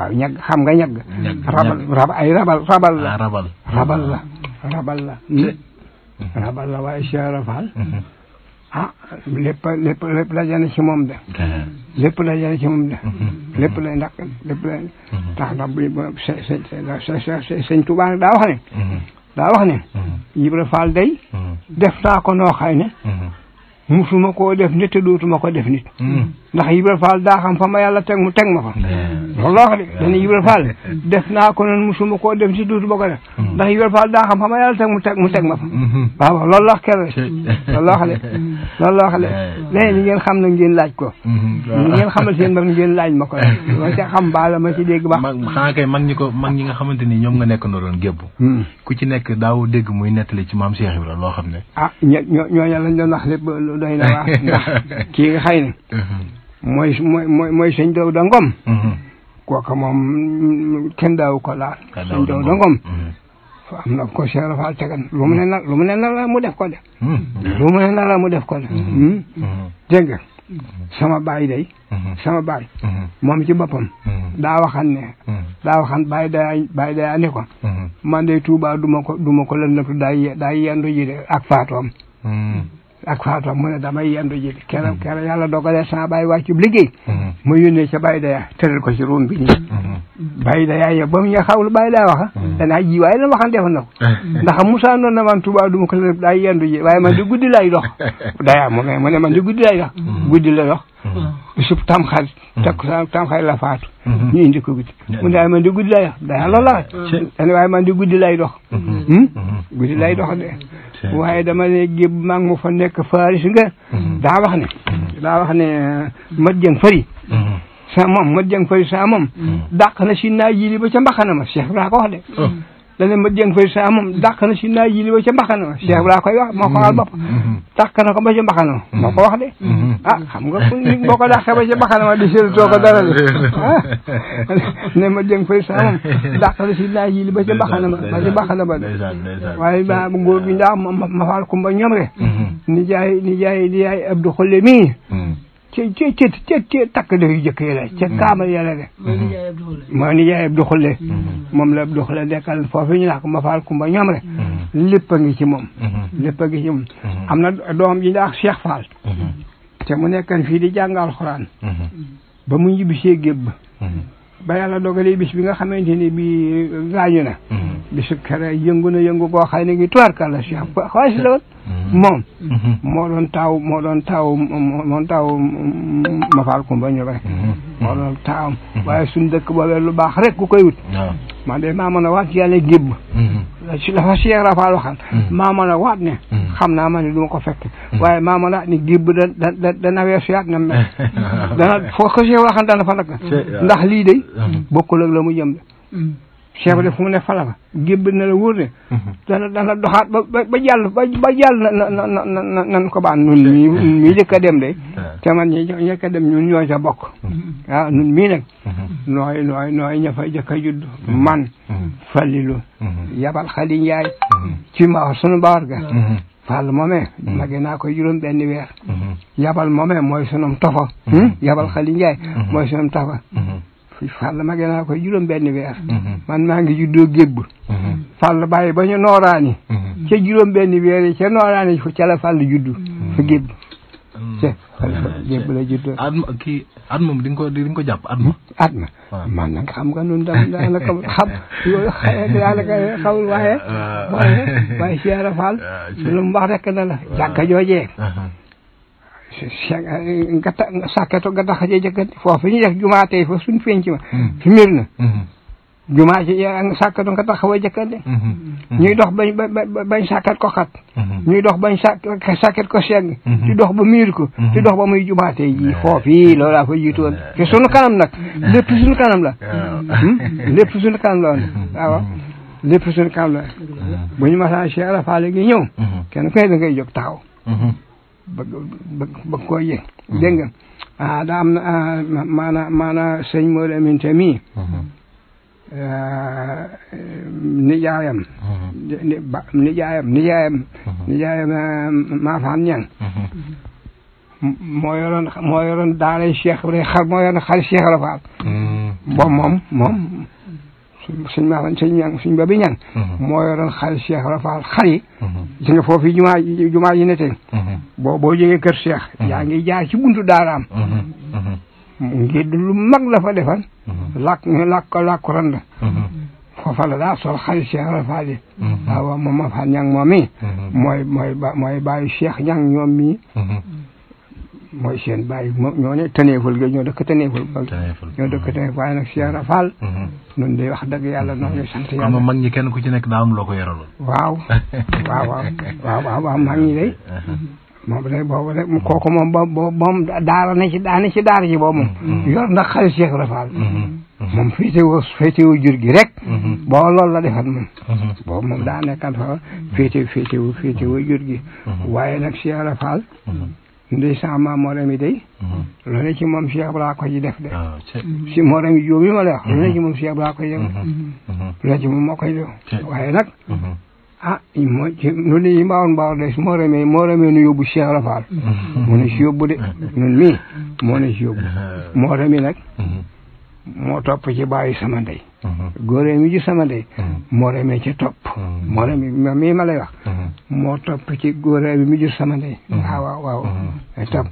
waaw ñagg xam nga ñagg rabal rab ay rabal la rabal la ah, rabal la mm. rabal la waaye ah lépp lépp lépp daje na ci moom de. lépp daje na ci moom de. [laughs] lépp lay ndax lépp lay mhm. tax ndax bu ñu sëñ Tuubaa nag daa wax ne. Mhm. daa wax ne. Mhm. Ibra Faal day. def naa ko noo xay ne. musuma koo def nit te dootuma ko def nit. ndax Ibra Fall daa xam fa ma yàlla teg mu teg ma fa loolu loo xam ne dañuy def naa ko noonu musuma koo def si duutu ba ko mm. ndax Ibra Fall daa xam fa ma yàlla teg mu teg mu teg ma fa mm-hmm. waaw loolu la kewe loolu [laughs] loo xam ne loolu loo xam ne léegi ngeen xam na ngeen laaj ko ni mm-hmm. ngeen xamal seen bopp ngeen laaj ma ko [laughs] ma ci xam baa la ma ci dégg baax xanaa kay mag ñi ko mag ñi nga xamante ni ñoom nga nekk ndooroon gébb hmm. ku ci nekk daaw dégg muy nettali ci maam seex Ibra loo xam ne ah ñooñu lañ doon wax lépp doy na waax [laughs] ndax kii nga xay na mm-hmm. mooy mooy mooy sëñ Daouda Ngom. Mm-hmm. kooka moom mm, kenn daaw ko laal. sëñ Daouda Ngom. Mm-hmm. am na ko Cheikh Rafal ne nag lu mu def ko de. lu ne nag la mu def ko de. Mm-hmm. dégg sama baay day. sama baay. moom ci boppam. daa waxan ne. daa waxan baay day baay day ko. man de Touba du ma ko du ma ko lëndatu ji de ak faatoom. ak faato mu ne damay yendu ji mm-hmm. keroog keroog yàlla dogalee sama bàyyi wàccub liggéey mm-hmm. mu yónnee ca bàyyi daya tëral ko ci ruum bi nii mm-hmm. bàyyi daya yo ba mu nga xawlu bàyyi daa waxa danaa ji waaye lan waxan defoon na ko eh. ndax Moussa noonu na man Touba du ma ko daay yendu ji waaye man di guddi lay dox [laughs] daya mu ne mu ne man di guddi lay dox guddi la dox bisub tamxarit takku tamxarit la faatu ñu indi ko guddi mu ne waaye man guddi lay dox la waaye man di guddi lay dox hmm? guddi lay waaye dama ne géb maa ngi mu fa nekk faaris nga mm-hmm. daa wax ne mm-hmm. daa wax ne eh, mat jëng fari mm-hmm. sa moom mat jëng fari sa moom dàq na si naa jili ba ca mbaxana ma Cheikh Ibrahima ko wax de oh. dane ma jéng fay sa moom na si naa jili ba ca mbaxana ma cheikh laa koy wax moo ko waxal bopp mm-hmm. dàq na ko ba ca mbaxana ma moo ko wax de mm-hmm. ah xam nga boo ko dàqee ba ca mbaxana ma di seetlu too ko dara de [laughs] ne ma jéng fay sa moom dàq na si naa jili ba ma ba ca mbaxana ma de waaye ma góor gi ndax ma faal kumba ñoom mm-hmm. ni jaay ni jaay di yaay abdou xolle mii ci ci ci ci ci takk deyu jëkk yi la ca mm-hmm. kaamal yàlla de mooy nijaay ab doxule moom la ab doxule dekkal foofu ñu naa ko faal kumba ñoom rek mm-hmm. lépp a ngi ci moom mm-hmm. lépp a ngi ci moom am na doom ji daax Cheikh Fall te mu nekkan fii di jàngal xoraan ba mu ñibbisee gébb ba yàlla dogalee bis bi nga xamante ni bi gaañu na bisu kere yëngu na yëngu goo xay ne ngi tuwarkal la Cheikh Fall xaalis moom mm-hmm. moo doon taaw moo doon taaw moo doon taaw ma faal kumba ñëw rek mm-hmm. moo doon taawam mm-hmm. waaye suñ dëkk boobee lu baax rek ku koy wut man maa mën a waat yàlla gébb dafa Cheikh Rafaal waxal maa mën a waat ne xam naa ma ne ko fekk waaye maa mën a ne gébb da da dana weesu yaat na mel [laughs] dana foo ko Cheikh waxal dana fa nag ndax lii day bokkul la mu jëm de cheikh bi fu mu ne fala fa gébb na la wóor ne mhm. dana dana doxaat ba ba jàll ba na na na nun mii nun mii jëkk a dem de te [laughs] man ñi a dem ñun ñoo mhm. ah, nun mii mhm. nooy nooy nooy ña fa jëkk a judd man falilu yabal xali njaay ci ma sunu bawar ga Fall moomee mage naa ko juróom benn weer yabal moomee mooy sunum tofa yabal xali mooy sunum tofa Fall mage naa koy juróom benn weer mm-hmm. man maa ngi juddoo gébb mm-hmm. Fall bàyyi ba ñu nooraani mm-hmm. ca juróom benn weer yi ca nooraani ca la Fall juddu fa gébb ca gébb la juddoo at ma kii at moom di nga ko di nga ko jàpp at ma at ma man nag xam nga nun da daanaka xam yooyu daanaka xamul waaye [laughs] waaye waaye Cheikh Fall [laughs] lu mu wax rek na la jàkka joojee uh-huh. Eh, gata sakketo gata haje jaggandi fof fini yak jumate eh, fof sun feñcima fimirna jumaaji sakketo gata hawa jakkande ñuy dox bañ bañ sakket ko xat ñuy dox bañ sakket ko segg di dox ba miir ko di dox ba muy jumaate ji foofi loola ko jiitoon te sunu kanam nag lépp sunu kanam la kanam la woon waaw lépp sunu kanam la bu ñu masaa Cheikh Arafaale gi ñëw kenn ku ne da ngay jóg taxaw ba ba ba koo yëg. dégg nga mm-hmm. ah daa ah, sëñ mm-hmm. ah, eh, mm-hmm. nijaayam. nijaayam nijaayam. nijaayam ah, Maafaan Ñang. moo yoroon moo yoroon daara Cheikh Rafaal. bon moom moom. suñ suñ maanaam suñ ñang suñ ba bi ñang mm-hmm. moo yoroon xar Cheikh Rafaal xar mm-hmm. yi foofu jumaa ne tey mm-hmm. boo boo jógee kër Cheikh yaa ngi jaar ci buntu daaraam ngir lu mag la fa defal làkk làkk làkk rand sol xari Cheikh Rafaal yi waaw moom ma fa mooy mooy mooy bàyyi Cheikh ñang mooy seen bàyyi moom ñoo ne tëneeful ga ñoo dëkk tëneeful ba ñoo dëkk tëneeful waaye nag Cheikh Rafal mm-hmm. nun day wax dëgg yàlla noo ngi sant yàlla mag ñi kenn ku ci nekk daa am loo ko yoraloon waaw waaw waaw waaw waaw waaw mag ñi day uh-huh. moom day rek kooku moom ba moom daara na ci ci daara ji boobu moom mm-hmm. yor ndax xale Cheikh Rafal mm-hmm. moom gi rek boo loolu la defat moom boobu moom daa nekkan fa féetew féetewu gi waaye nag Cheikh Rafal ndey sa ma moram yi day mhm. ci moom Cheikh Ibra ko ci def de ah, mhm. si moram yi jóob yi ma la wax lu ci moom mhm. Cheikh Ibra ko ci def lu ne ci moom moo koy def waaye nag ah moo ci lu ne de moo remee nu yóbbu Cheikh Ibra Fall moo ne si de ñun mii moo ne si yóbbu [laughs] nag moo topp ci bàyyi sama Uh-huh. góor mi ji sama ndey uh-huh. moo remee ci topp uh-huh. moo remee mii ma lay wax moo topp ci góor bi mi ji sama ndey ah, waaw waaw waaw topp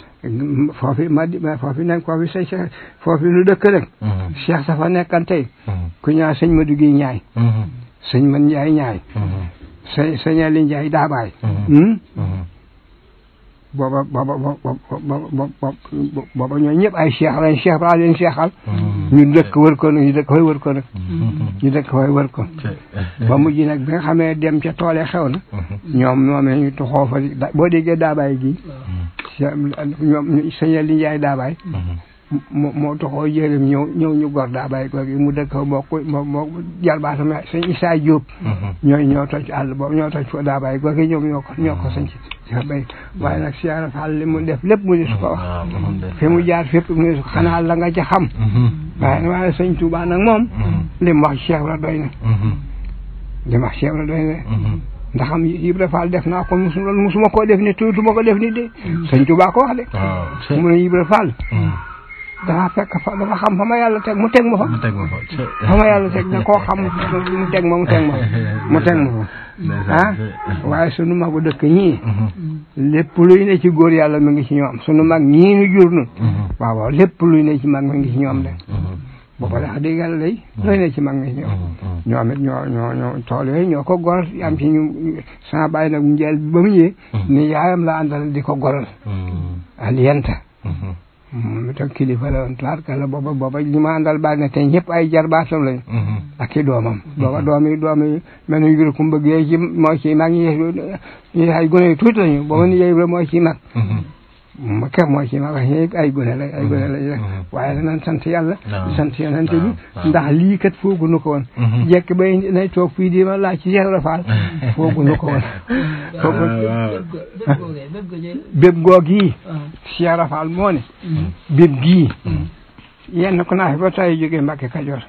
foofi ma foofi nekk foofi foofi lu dëkk rek Cheikh safa ku ñaa sëñ ma dugi ñaay sëñ man njaay ñaay sa sëñ Ali njaay daabaay booba booba booba booba ñooñu ñëpp ay cheikh lañ cheikh balaa leen cheikhal. Mm. ñu dëkk wër ko ñu dëkk fay wër ko nag. Mm. ñu dëkk fay wër ko. ba mujj nag bi nga xamee dem ca tool yi xew na. Mm-hmm. ñoom ñoo ne ñu tuxoo a boo déggee daabaay gi. ñoom mm. sëñ li Ndiaye moo moo taxoo yéreem ñëw ñu gor daa bàyyi ko gi mu dëkk moo ko moo moo jarbaatama sëñ mm-hmm. ñoo toj àll boobu ñoo toj fo daa bàyyi ko gi ñoo ñoo ko sañ ci bay waaye nag siyaara Faal li mu def lépp mu ne su mm-hmm. fi mu jaar fépp mu ne su ko xanaa nga ca xam mm-hmm. waaye waaye sëñ moom li mu wax Cheikh la doy na li mu wax Cheikh la na ndax am Ibra Fall def naa ko musuma koo def ni tuutuma ko def ni de sëñ Tuubaa ko wax de mu ne Ibra Fall dafa fekk fa dafa xam fa ma yàlla teg mu teg ma fa. mu teg ma fa fa ma yàlla teg da koo xam mu teg ma mu teg ma fa mu teg ma fa. ah waaye sunu magu dëkk ñii. Mm-hmm. lépp luy ne ci góor yàlla mi ngi ci ñoom sunu mag ñii nu jur nu. Mm-hmm. waaw waaw lépp luy ne ci mag mi ngi ci ñoom de. Mm-hmm. booba dax dëgg yàlla day looy ne ci mag ngi ñoom ñoom it ñoo ñoo ñoo tool yooyu ñoo ko gor am ci ñu sans bàyyi nag njeel bi ba mu ñëwee ni yaayam la àndal di ko goral aliyanta moom itam kilifa la woon tubaarkalla booba booba li ma àndal baal na te ñëpp ay jarbaatam lañ mm-hmm. ak i doomam mm-hmm. booba doom yi doom yi mel ni jur ku mbëgg yooyu ci moo ci mag ñi ay gune yu tuuti lañu booba ni yëy la moo ci mag mm-hmm. makka mooy ci ma wax ñëpp ay gone la ay gone la mm-hmm. Mm-hmm. waaye danañ sant yàlla di sant yonent bi ndax lii kat foogu nu ko woon mm-hmm. jekk bay nay toog fii di ma laaj ci Yàlla Faal foogu nu ko woon [laughs] ah, béb goog yi ci Yàlla Faal moo ne béb gii yenn ku naa fi ba tay jógee Mbàkke Kajoor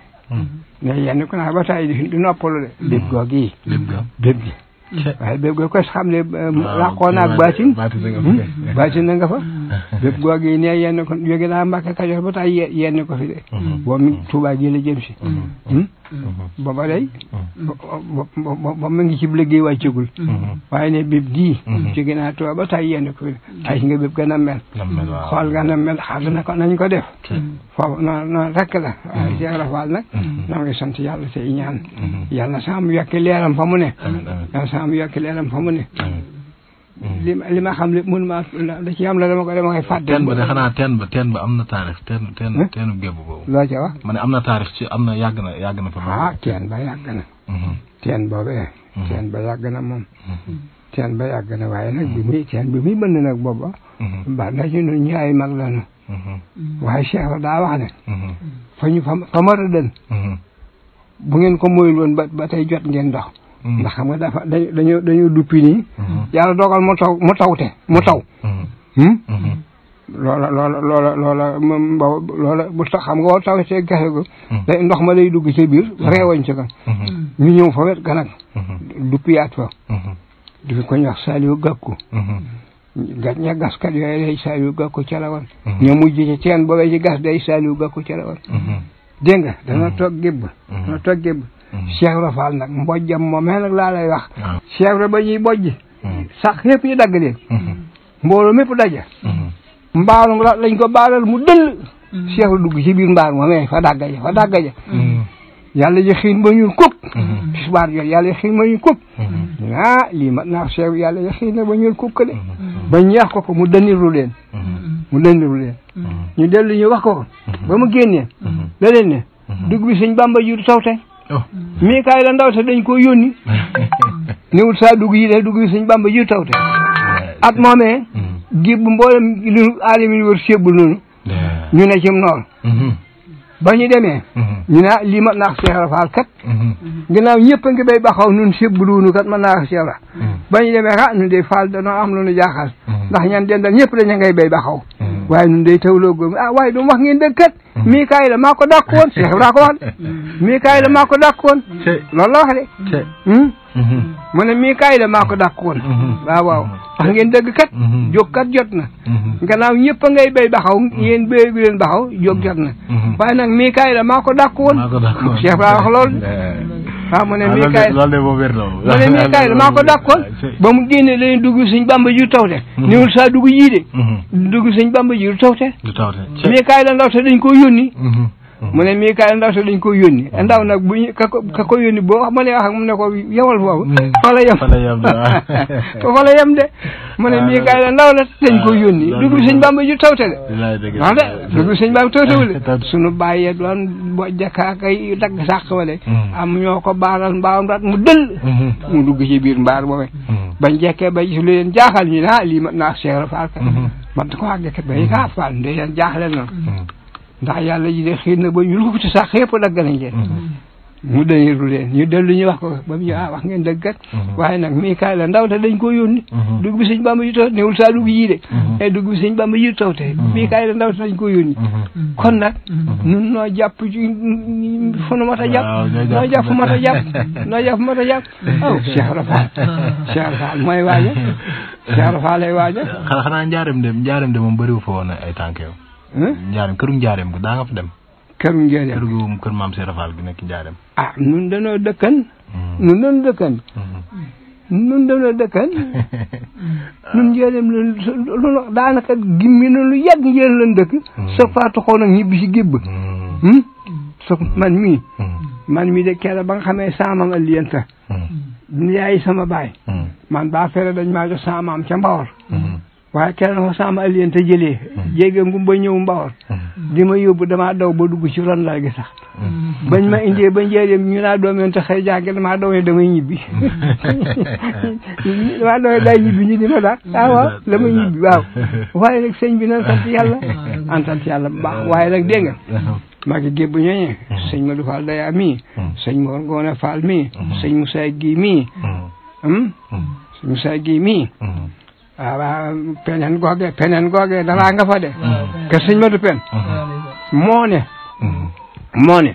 mais yenn ku naa fi ba tay di noppalu de béb goog yi béb gi waaye bépp goo ko xam ne euh, làqoo naag baatin baatin na hmm? nga fa [laughs] bépp goog yi ne yenn ko jóge naa Mbàkke Kajoor ba tax yenn ko fi de hmm. boo mi hmm. Tuubaa ji la Mm-hmm. booba day mm-hmm. ba mu ngi ci liggéey wàccegul mm-hmm. waaye ne di dii jóge naa tuba ba ta yenn ko ay nga bépp gën a mel xool gën a mel xaal na ko nañ ko def foofu noonu noonu rek la waaye Cheikh Rafal nag na ngi sant yàlla ñaan yàlla na saa mu yokki leeram fa mu ne yàlla saa yokki leeram fa mu ne li li ma xam lépp mun maa da ci am la dama ko dama koy fàtte. teen ba de xanaa ten ba teen ba am na taarix teen teen teenu ma ne am na am na yàgg na yàgg na fa. ah teen ba yàgg na. Mhm. teen boobee. Mhm. ba yàgg na moom. Mhm. teen ba yàgg na waaye nag bi muy teen bi muy bënn nag booba. ba na ci ñun ñu ay mag lañu. waaye Cheikh daa wax ne. fa ñu fa fa ma rëddal bu ngeen ko moyul woon ba ba tey jot ngeen dox. Mm-hmm. ndax xam nga dafa dañu dañoo duppi nii. Mm-hmm. yàlla dogal mu taw mu tawte mu taw. Mm-hmm. Hmm? loola loola loola loola loola bu tax xam nga boo tawtee gase ko. day ndox ma lay dugg ci biir réewañ ci kan. ñu ñëw fa wet ga nag. duppiyaat fa. du ko ñu wax Saliou Gakou. gas ña gaskat yooyu day Saliou Gakou ca la woon. ñoo mujj ci teen boobee ci gas day Saliou Gakou ca la woon. dégg nga dana toog gébb dana toog gébb la mm-hmm. Ibra Fall nag mbojjam moomee nag laa lay wax ah. Cheikh Ibra ba ñuy bojj mm-hmm. sax yëpp yi dagg leen mm-hmm. mbooloo mépp daje mbaalu la lañ ko baalal mu dëll Cheikh Ibra dugg ci biir mbaar moomee fa daggaje fa daggaje yàlla ji xiin ba ñuul kuk tisbaar jot yàlla ji xiin ba ñuul kuk ah, lii mat naa Cheikh yàlla ji xiin ba ñuul de ba ñeex ko ko mu dënniru leen mu dënniru leen ñu dellu ñu wax ko ko ba mu génnee la leen ne dugg Bamba jiitu taw tey Oh. mii kaay la ndaw te dañ koo yónni [laughs] niwul saa dugg yi de dugg yi suñ bamba yi tawte at moomee mm-hmm. gi bu mboolem lu aalamin wër sébbul noonu ñu ne cim noor mm-hmm. ba ñu demee mm-hmm. ñu ne ah, lii mat naax Cheikh Ibra Fall kat ginnaaw ñëpp a ngi bay baxaw nun sébbuluunu kat mat naax Cheikh Ibra ba ñu demee ah nu de Fall danoo am lu nu jaaxal ndax ñan dendal ñëpp daña ngay bay baxaw ว่ายนุ่นเดชลูกว่ายนุ่มวังยินเด็กเกมีใครละมาคดักคนเสียบรักคนมีใครละมาคดักคนใช่ลลฮเลยใช่อืมมันมีใครละมาคดักคนว้าวว่างยินเด็กเกตยกกัดยอดนะกันเอาเงียบเงยไปบ่าวยินเบี้ยเบ่าวยกยอดนะไปนั่งมีใครละมาคดักคนเสียบรักคน waaw ah, mu ne mii kay loolu de boo wér loolu mu ne mii kay maa ko [laughs] dakkoon ah, ba mu génne lañu dugg suñ bamba ji tawte mhm. niwul saa dugg de mhm. dugg suñ bamba ji du tawte du tawte mii ndaw te dañ koo mu ne mii kaay ndaw si dañ ko yónni mm-hmm. ndaw nag bu ñu ka ko ka ko yónni boo ma lay wax ak ne ko yowal foofu fa mm-hmm. la [laughs] yem [laughs] fa la [laughs] yem de mu ne mii kaay la ndaw la dañ ko yónni dugub sëñ bamba ju tawte de wax de dugub sëñ bamba tawtewule suñu dagg sàq wale mm-hmm. am ñoo ko baaral mbaawam rat mu dëll mu dugg ci biir mbaar boobee bañ jekkee ba gisu lu leen jaaxal ñu ne ah lii mat naa Cheikh Fall kat mat ko àgg kat bay kaa ah, Fall ndeysaan jaaxle na ndax yàlla ji de ba ñu luufu ci sax yëpp dagg nañ leen mu dañu leen ñu dellu ñu wax ko ba mu ñu ah wax ngeen dëggat mm-hmm. waaye nag mii kaay ndaw te dañ ko yónni dugg bi sëñ bamba ji taw saa dugg yii de mais dugg taw te mii kaay la ndaw te dañ koo yónni kon nag mm-hmm. nun noo jàpp ci fu nu mat a jàpp noo jàpp mat a jàpp [laughs] noo jàpp mat a jàpp aw oh, Cheikh Rafal Cheikh Rafal mooy waaja Cheikh Rafal lay waaja xanaa njaarem de njaarem de moom bëriwu fa woon ay tànk njaareem këru njaareem ko daa nga dem. kër gu kër maam Seydou Fall gi nekk njaareem. ah nun danoo dëkkan. Hmm. nun danoo dëkkan. Hmm. nun danoo dëkkan. [laughs] nun njaareem lu lu daanaka gimmi na lu yàgg njaareem lan dëkk. Hmm. sa faatu xaw nag ñibbi si gébb. so man mii. man mii de keroog ba nga xamee saamam aliyanta. yaay sama baay. man baa fere dañ maa jox saamam ca waaye teel na sama alien te jëlee mm. jéege ngumba ñëw mbawal mm. di ma yóbbu damaa daw ba dugg ci ron lal gi sax mm. bañ ma indee ba njëriñam ñu naa doom yoon te xëy jànge damaa doom ne ñibbi [laughs] damaa doom ne daay ñibbi ñu di ma daal ah ñibbi waaw [laughs] waaye nag sëñ bi nan sant yàlla [laughs] an sant yàlla bu baax waaye nag dégg nga maa ngi gébbu ñooñee sëñ Madou Fall Daya mii sëñ Mor Ngoone Fall mii sëñ Moussa Guèye mii hmm? sëñ Moussa Guèye Mm. waaw peñen googee dara nga fa de ke sëñ Madu Pen moo ne moo ne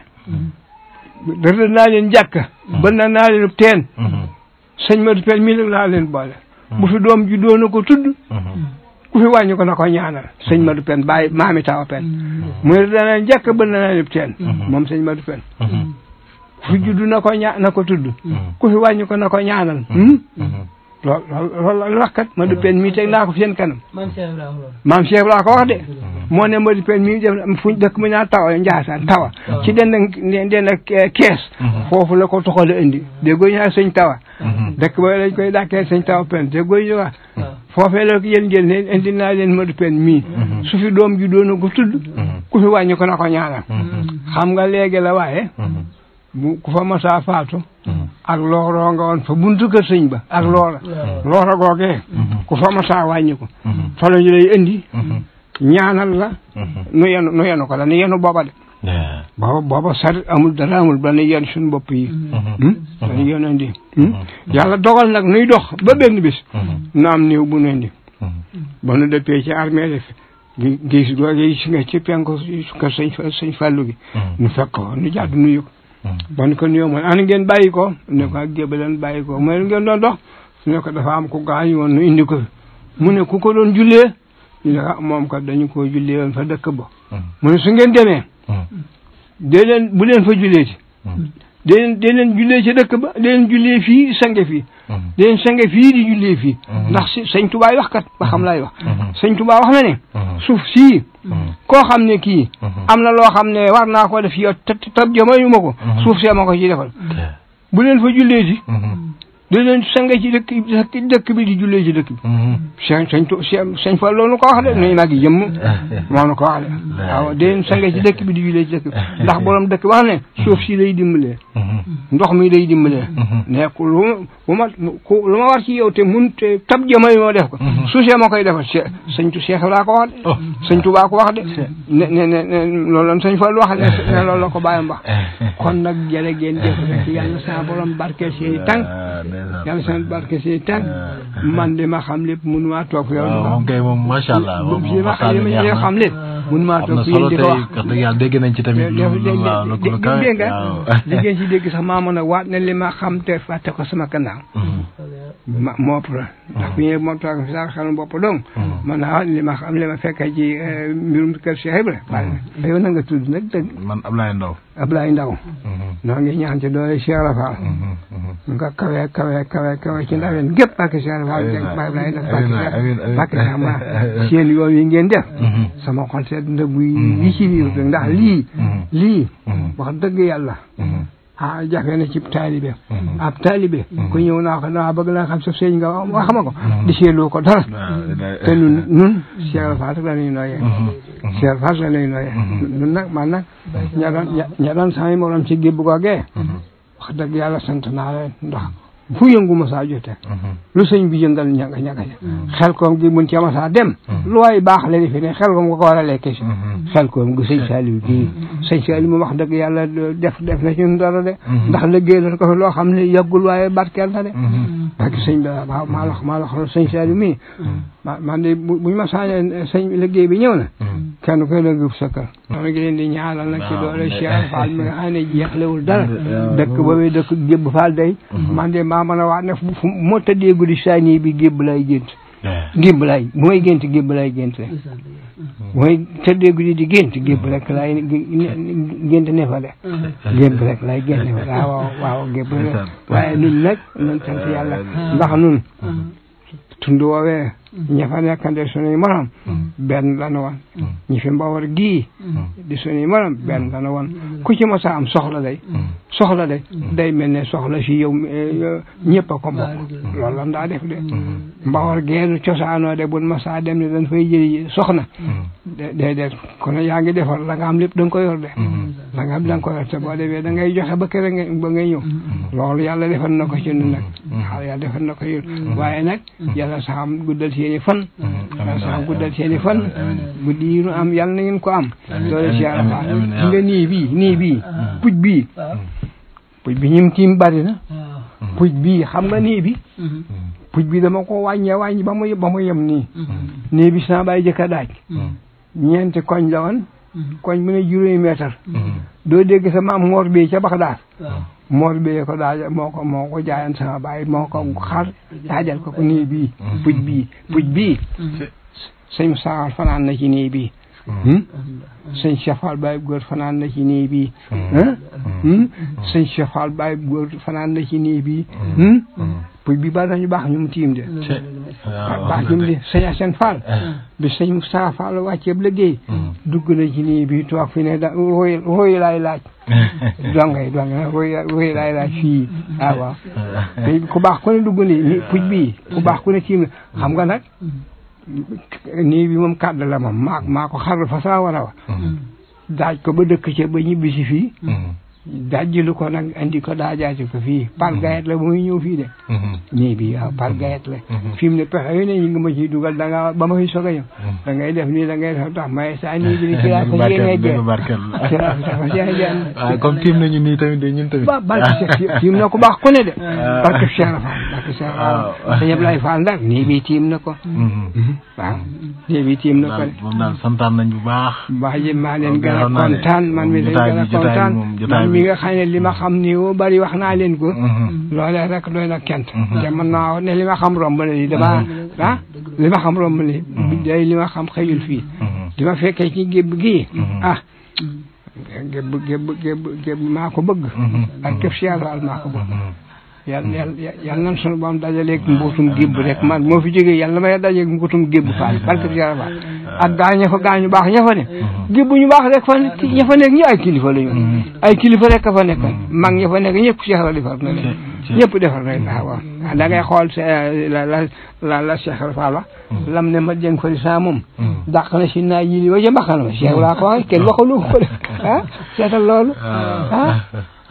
naa leen jàkk mm-hmm. bën na naa leen teen mm-hmm. sëñ Madu Pen mii nag laa leen boole mm-hmm. bu fi doom ju doona ko tudd ku fi wàññi ko na ko ñaanal sëñ Madu Pen bàyyi maami tawa pen mu ne naa leen jàkk bën na naa leen teen moom sëñ Madu Pen ku fi judd na ko ñaa na ko tudd lool lool loolu wax kat Madi Penda mii teg naa ko fi seen kanam. maam Cheikh laa ko wax maam Cheikh laa ko wax de. Mm-hmm. moo ne Madi Penda mii def fu dëkk mu naan tawa Ndiassane tawa. ci dend dend eh, kees. Mm-hmm. foofu la ko toxal a indi. déggoo ñu naan sëñ tawa. Mm-hmm. dëkk ba lañ koy dàkkee sëñ tawa Penda déggoo ñu wax. foofee la ko yéen jël ne indi naa leen Madi Penda mii. su fi doom ju doon ko tudd. ku fi wàññi ko na ko ñaanal. xam nga léegi la waaye. mu ku fa masaa faatu mm-hmm. ak looloo nga woon fa buntu kër ba ak mm-hmm. loola mm-hmm. loola googee ku fa masaa wàññi ko fa la ñu lay indi ñaanal nu yenu ko la nu yenu booba de booba booba sar amul dara amul ba nu yen suñu bopp yi hmm? dañu yenu indi hmm? yàlla dogal nag nuy dox ba benn bis na am néew bu nu indi ba nu dëppee ci armée def gis goo gis nga ci penku kër sëñ sëñ nu fekk nu jàdd nuyu ko Mm. bon ko nuyoo mooy ana ngeen bàyyi ko ne ko ak jéba leen bàyyi ko mooy ngeen doon dox su ne ko dafa am ku gaañ woon indi ko mu ne ku ko doon jullee ñu ne ah, moom kat dañu ko jullee woon fa dëkk ba mm. mu ne su ngeen demee mm. bu leen fa jullee dee leen dee leen jullee ci dëkk ba dee leen jullee fii sange fii. dee leen sange fii di jullee fii. ndax si sëñ Tuubaa wax kat ba xam laay wax. sëñ Tuubaa wax na ne. suuf sii. koo xam ne kii. am na loo xam ne war naa ko def yow te te jëmale ma ko. suuf see ma ko ciy defal. bu leen fa jullee ci. di leen sanga ci dëkk ci dëkk bi di jullee ci dëkk bi. sëñ sëñ sëñ Fall loolu ko wax de nuyu naa gi jëmm. [laughs] moo nu ko wax de waaw di leen sanga ci dëkk bi di jullee ci dëkk bi [laughs] ndax borom dëkk wax ne suuf si lay dimbalee. Mm-hmm. ndox mi lay dimbalee. Mm-hmm. ne ku lu ma ku lu ma war ci yow te mun te tab jëmay moo def ko. Mm-hmm. su see ma koy defal se sëñ tu Cheikh laa ko wax de. Oh. sëñ Tuubaa ko wax de. ne ne ne loolu la sëñ Fall wax ne ne loolu la ko bàyyam wax. [laughs] kon nag jërë ngeen jëf rek yàlla saa borom barkeel seen i tànk. yàlla seen barke si tàgg man li ma xam lépp mun maa toog yow. waaw ma kay moom macha allah. moom macha allah mun maa toog fii di ko wax am na nañ ci tamit. lu lu lu lu kawe waaw dégg nga li sax maa a waat ne li ma te fàtte ko sama kanam. ma mopp la ndax ah. bu ñëwee mopp taag saa xelum bopp dong ah. man naa ah, li ma xam li ji fekkee eh, kër Cheikh Ibra la yow na nga tudd nag dëgg man Ablaye Ndaw Ablaye Ndaw mm-hmm. noo ñaan ci doole Cheikh Rafal nga mm-hmm, mm-hmm. kawe kawe kawe kawe ci ndaween gépp bàkki Cheikh Rafal Ablaye Ndaw bàkki Cheikh ma seen yoon yi ngeen def sama li lii lii wax dëgg yàlla ah jafe na ci taalibe mhm. ab taalibe mhm. ku ñëw naa ko naa bëgg laa xam sa sëñ nga wax ma ko mhm. di seetlu ko dara ah, te nun nun Cheikh Fall la ñuy nooyee Cheikh Fall la ñuy nooyee nun nag man nag ña doon ña doon samay morom ci gébb googee wax dëgg yàlla sant naa leen ndax fu yëngu masaa jote mhm. lu sëñ bi yëngal ñanga ñanga mhm. xel koom gi mën ca masaa dem mhm. lu waay baax la defe ne xel koom nga ko war a lekke si xel gi sëñ Saliou gii wax dëgg yàlla def def na ci dara de ndax liggéey la ko fi loo xam ne yàggul waaye barkeel na de parce que sëñ bi maa lox maa lox sëñ Saliou man de buñ ma sañoon sëñ liggéey bi ñëw na mm. kenn koy la gub sa kër dama mm. ngi leen di ñaanal nag ci doole dara mm. dëkk boobu dëkk gébb Fall day man de maa mën a wax ne fu moo tëddee guddi sañi bi gébb lay gént gébb lay bu may gént gébb lay gént rek bu may lay gént ne fa de lay gént ne fa waaw waaw gébb waaye nun nag nun sant yàlla ndax nun tund woowee 你还在看这事呢？马上。benn la nu woon mm. ñi fi mbawar gi mm. di suñuy maram mm. benn la nu ku ci masa am soxla day soxla day day mel ne soxla si yow eh, ñëpp a ko bokk loolu lan daa def de mbawar geenu cosaanoo de bun masa dem ne dañ fay jëri soxna de def kon yaa ngi defar la nga am lépp da nga ko yor de la nga da ko yor te boo demee da ngay joxe ba kër ba ngay ñëw loolu yàlla defal na ko ci ñun nag waaw yàlla defal na ko ci ñun nag yàlla saxam guddal seeni fan yàlla saxam guddal seeni fan fan bu am yal na ngeen ko am doole si yàlla fa nga nii bii nii bii ah. Ah. puj bii ah. puj bi ñim tiim bari na mm. puj bii xam nga nii bi mm-hmm. mm. puj moo ko wàññee wàññi ba mu ba mu yem nii mm-hmm. nii sama bàyyi jëkk a daaj mm. ñeenti koñ la woon mm-hmm. koñ mu ne juróomi mètre doo dégg sa maam moor bi ca Baxdaad moor bi ko daaj moo ko moo sama bàyyi moo ko xar daajal ko ko nii bii puj sëñ Saar fanaan na ci néeg bi hmm? Hmm? sëñ Cheikh Fall Baye góor fanaan na ci néeg bi hmm. sëñ Cheikh Fall Baye góor fanaan na ci néeg bi puy bi bari nañu baax ñu tiim de baax ah, ñu mu de sëñ Assane Fall bi sëñ Moussa Fall wàccee bu liggéey dugg na ci néeg bi toog fi ne da roy roy laay [laughs] dongay dongay roy roy laay fii ah, waaw waaw ku baax ku ne dugg ni puj bii ku baax ku ne tiim xam nga nag nii bi moom kàdd la moom maa maa ko xaral fa saa wa mm-hmm. daaj ko ba dëkk ca ba ñibbisi fii mm-hmm. dajjilu ko nag andi ko daajaati ko fii mm-hmm. pal gayet la mooy ñëw fii de ñii mm-hmm. bi waaw pal gayet la mm-hmm. fi mu ne pexe yu ne ñu ngi ma ciy dugal da ngaa ba ma fi soog a ñëw da ngay def nii da ngay def tax maye saa nii bi [laughs] ci laa ko yéene dee barkel waaw ah, comme tiim nañu nii tamit de ñun tamit ba barke tiim na ko baax ku ne de ah. barke Cheikh Fall barke Cheikh Fall ah. sëñ Ablaye Fall nag nii bi tiim na ko nii bi tiim na ko de moom daal santaan nañ bu baax baax ji maa leen gën a kontaan man mi leen gën a kontaan mi nga xam ne li ma xam ni woo bari wax naa leen ko mm-hmm. loolee rek doy na kent te mën naa wax ne li ma xam romb na lii dama mm-hmm. ah li ma xam romb na lii mm-hmm. day li ma xam xëyul fii li ma fekkee ci gébb gii ah gébb gébb gébb gébb maa ko bëgg ak këf siyaal maa ko bëgg yàlla yàlla nan sunu boom dajaleeg mbuutum gébb rek man moo fi jógee yàlla may dajaleeg mbuutum gébb faal barke bi yàlla ak gaaña fa gaañu baax ña fa ne mm-hmm. gébb ñu baax rek fa ña fa nekk ñu ay kilifa la ñu mm-hmm. ay kilifa rek fa nekk mm-hmm. mag nekk ñëpp la defar na ah, da la la la la Cheikh Fall ne ma jëng fari saa moom dàq na si naa yili wa ca mbaxana ma Cheikh laa ko waxee ko rek [laughs] ah seetal loolu ah, ah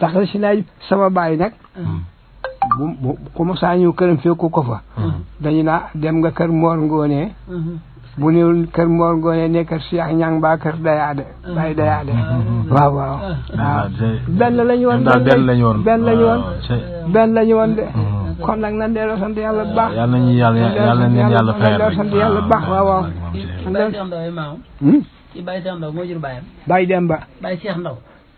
dàq na si naa sama baay bu ku mu saa ñëw këram fekku ko fa mm-hmm. dañu na dem nga kër Mor Ngoone mm-hmm. bu néewul kër Mor Ngoone ne kër Cheikh Ñang ba kër Dayaade mm-hmm. Baye Dayaade de waaw waaw ah, benn lañu woon benn lañu woon ah, benn de kon nag nan delloo sant yàlla bu baax yàlla nañu yàlla yàlla nañu yàlla fayal rek sant yàlla bu ah, hmm? Demba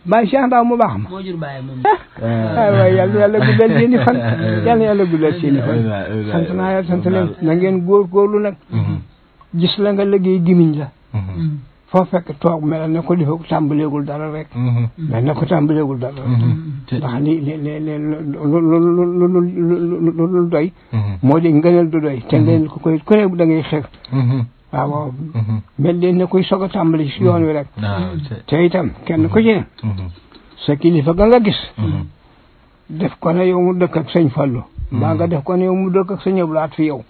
maa Cheikh mu baax ma. moo jur bàyyi moom. waaw waaye yàlla na yàlla guddal seeni fan. yàlla na yàlla guddal seeni fan. sant naa yàlla sant leen na ngeen góorgóorlu nag. gis la nga liggéey gimiñ la. foo fekk toog mel ne ko dafa tàmbaleegul dara rek. mais ne ko tàmbaleegul dara rek. ndax li li li li lu lu doy. moo di ngëneel du doy. te ngeen ko koy ku ne da waaw mm-hmm. mel leen ne kuy soog a tàmbali si yoon wi rek mm-hmm. te itam kenn ku ci ne mm-hmm. sa kilifa ga nga gis def ko yow mu dëkk ak sëñ Fallu mbaa nga def ko ne yow mu dëkk ak sëñ Ablaat fi yow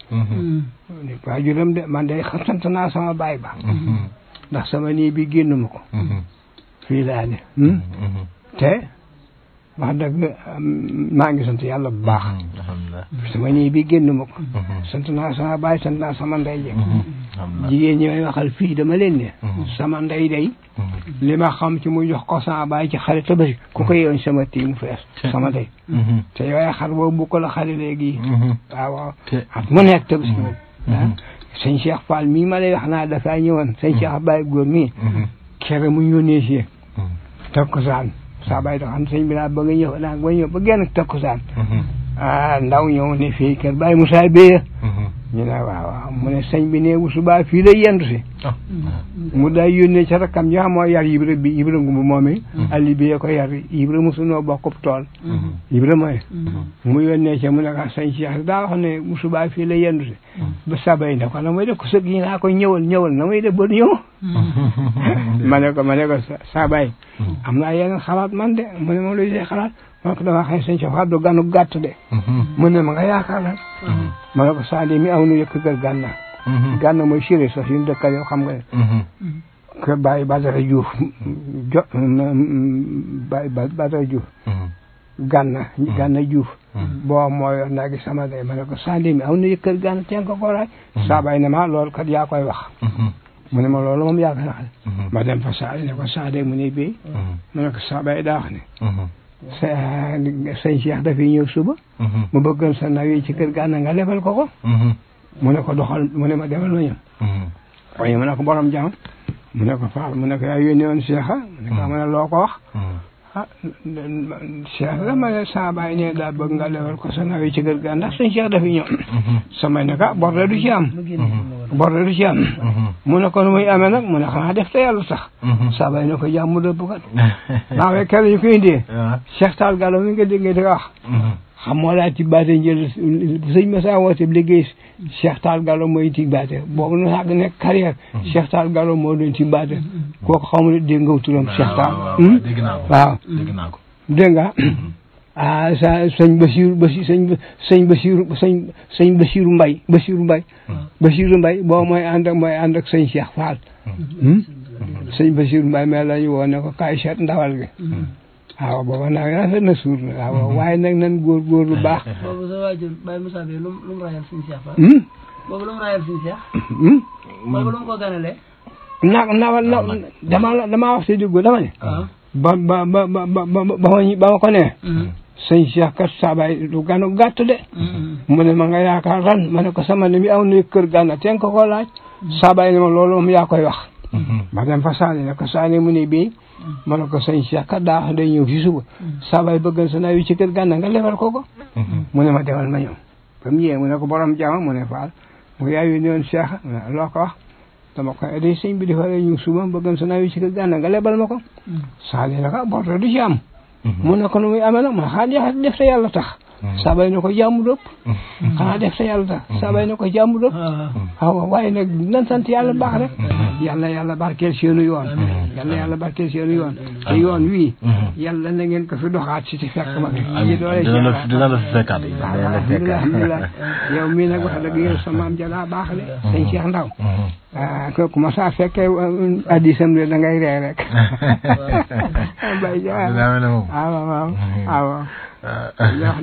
waa de man day sant naa sama baay ba ndax sama nii bi génn ma ko fii laa ne hmm? te wax dëgg maa ngi sant yàlla bu baax. Mm-hmm. alhamdulilah sama nii bi génn mm-hmm. sant naa sama baay sant naa sama ndey jekk. Mm-hmm. jigéen ñi may waxal fii dama leen ne. sama ndey day. li ma xam ci mu jox ko sama baay ci xale tabaski ku ko yoon sama tiim fees sama ndey. te yooyu xar boobu bu ko la xale léegi. waaw at mu nekk tabaski ah, nag. sëñ Cheikh mii ma lay wax naa dafaa ñëwoon sëñ Cheikh Baye góor mii. kere mu ñëw nee si. saaba yi xam sëñ bi naa bëgg a ñëw naa bëgg a ñëw ba genn takkusaan ah ndaw ñëw ne fii kër Baye Moussa Beye mhm. ñu ne waaw waaw mu ne sëñ bi ne bu subaa fii lay yendu si ah. mu da yónnee ca rakkam ñoo xam moo yar yibra bi yibra ngumbu moomi hmm. ali bi ko yar yibra mosunoo bokkub tool yibra hmm. hmm. mooy mu yónnee ca mu ne ko sëñ Cheikh daa wax ne bu subaa fii lay yendu si ba sabay ne ko na may def ko sëg ko ñëwal ñëwal na may def ba ñëw [laughs] ma ne ko ma ne ko sabay am naa yeneen xalaat man de mu ne moom luy Mhm. Mhm. ma ne ko damaa xëy sëñ Cheikh Fall du ganu gàtt de. mu ma nga yaakaar ma ne ko Saali mi aw nu yëkk kër gànna. Mhm. gànna mooy Chiré sax yu dëkkal yow xam nga ne. kër Baye Badara Diouf jo Baye Badara Diouf. gànna gànna Diouf. boo mooy naa gi sama day ma ne ko Saali mi aw nu yëkk kër gànna teen ko góoraay. ne ma loolu kat yaa koy wax. mu ma loolu moom yaa koy ma dem fa Saali mu ne bii. ma ne ko Saabay daa ne. sa sëñ Cheikh dafay ñëw suba. Mhm. mu bëgg sa naw yi ci kër ga nga lebal ko mhm. mu ne ko doxal mu ne ma demal ma ñëw. Mhm. waaye mu ne ko borom jàmm. mu ne ko faal mu ne ko yaa yónnee woon mu ne ko am na loo ko wax. ah Cheikh dama saa bàyyi ne daal bëgg nga lewal ko sa nawi ci kër ga ndax suñ Cheikh dafi ñëw samay ne ka bor de du ci am bor de du ci am mu ne kon muy amee nag mu ne def te yàlla sax saa bàyyi ne ko jàmm dëbb kat maa ngi kër ko indee Cheikh taal gàllam mi nga dégg nga xam moo ci baate njël sëñ Massa woote liggéey Cheikh Tall Gallo mooy ci baate boobu na sàgg nekk carrière Cheikh Tall Gallo moo doon ci baate kooku xamu ne dégg nga turam Cheikh Tall hmm? waaw dégg naa ko dégg Mbay Basiru Mbay hmm. Basiru Mbay boo mooy ànd ak mooy ànd ak sëñ Cheikh Fall hmm. sëñ ko kaay seet ndawal gi waaw booba nag rafet na suur na waaw waaye nag nan góor góor lu baax. boobu sa waajur Baye Moussa bi lu mu rayal suñu Cheikh Fall. boobu lu mu rayal suñu Cheikh. boobu dama ba ba ba ba ba ba ma ko nee. sëñ Cheikh kat du ganu gàtt de. mu ne ma nga ran ma ne sama ne mi aw na kër gànna teen ko laaj. saabaay ne ma loolu moom yaa koy wax. ma dem fa saani ne ko saani mu ne bii. ma ne ko sëñ Cheikh kat daa day ñëw fi suba saa bay bëggan sa naayu ci kër nga lebal ko ko ma demal ma ñëw ba mu yee mu ne ko borom jaama mu ne faal mu yaayu ko wax dama ko day sëñ bi dafa lay ñëw suba bëggan sa naayu ci kër gànna nga lebal ma ko saa li naka borto du ci am mu ne ko nu muy amee nag ma xaar yaxat def te yàlla tax Mm-hmm. saaba yi ne ko jàmm rëpp mm-hmm. xanaa def sa yàlla tax yi ne ko jàmm rëpp ah. Ah, waaw waaye nag nan sant yàlla baax rek mm-hmm. yàlla yàlla barkeel seenu yoon yàlla yàlla barkeel seenu yoon te yoon wii yàlla na ngeen ko fi doxaat si si fekk ma i doole dina la fi fekkaat alhamdulilah yow mii sa maam jalaa baax le sëñ Cheikh Ndaw ah, kooku ma saa fekkee uh, addisam de da ngay ree rek [laughs] bay waaw waaw li wax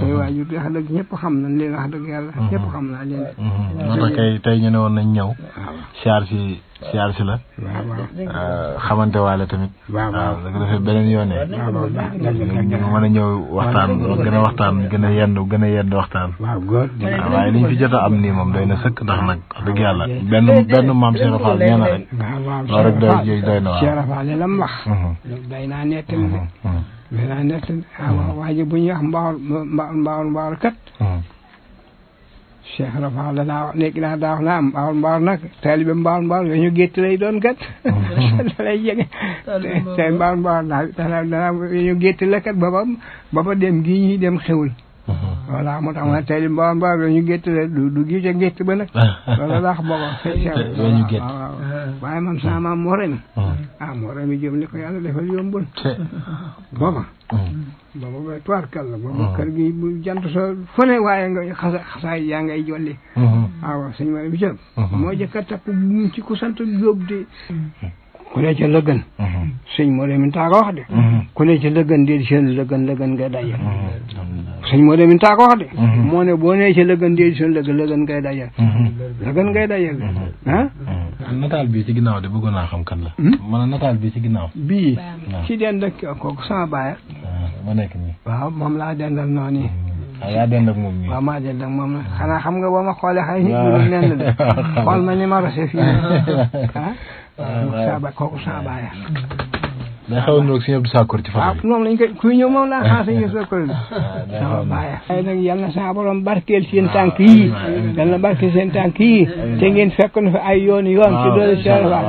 dëgg xam nañ leen wax dëgg yàlla. Mhm. ñëpp xam naa leen. Mhm. tax kay tey ñu ne woon nañ ñëw. siyaar si siyaar si la. waaw euh, xamante waale tamit. waaw waaw beneen yoon ne. ñu mën a ñëw waxtaan gën a waxtaan gën a yendu gën a yendu waxtaan. waaw góor waaye liñ fi jot am nii moom doy na sëkk ndax nag wax dëgg yàlla benn benn maam Cheikh Fall nee na rek. loolu rek doy doy na wax. Mhm. mais naa nettali ah, waaw hmm. waa ji bu ñuy wax mbaawal mbaawal mbaawal kat hmm. cheikh rafa la daa wax léegi naa daa wax naa mbaawal mbaawal nag taalibe mbaawal mbaawal ñu gétti lay doon kat hmm. [laughs] da lay jege tey mbaawal mbaawal daa danaa danaa yo ñu gétti la kat baba baba dem gi ñuy dem xewul Mm-hmm. voilà moo tax ma tey li mbaam mbaam la gétt le du du jiite gétt ba nag [laughs] loolu laax booba [laughs] ñu gétt waaye man sama maam moorami mm-hmm. ah moorami li ko yàlla defal yombul [laughs] booba mm-hmm. booba ba tuwaar la booba kër gi bu jant so waaye nga xasa xasaay yaa ngay jolli ah, waaw sëñ ma bi moo jëkk a takku ku sant Jóob di ku ne ca lëgën mhm. sëñ moo demin taa ko wax de mhm. ku ne ca lëgën déet seen lëgën lëgën ngay dajal mhm. sëñ moo demin taa ko wax de moo ne boo nee ca lëgën déet seen lëgën lëgën ngay dajal lëgën ngay dajal ah nataal bii ci ginnaaw de bëggoon naa xam kan la hmm? man a nataal bii ci ginnaaw bii ci den dëkk kooku sama baay ah, ma nekk nii waaw moom laa dendal noonu nii waaw ah, yaa dend ak moom mii. waaw maa dend ak moom la xanaa xam nga boo ma xoolee xëy na. waaw [laughs] waaw xool ma ni ma rase fii [laughs] ah. saaba kooku saaba ya day xaw a nuroog si ñëpp du saakoor ci lañ koy kuy ñëw moom laa xaar si ñëpp saakoor bi sama baaya waaye nag yal na saa barkeel seen tànk yi yal na barkeel seen tànk yi te fi fekk na fa ay yoon yoon ci doole seen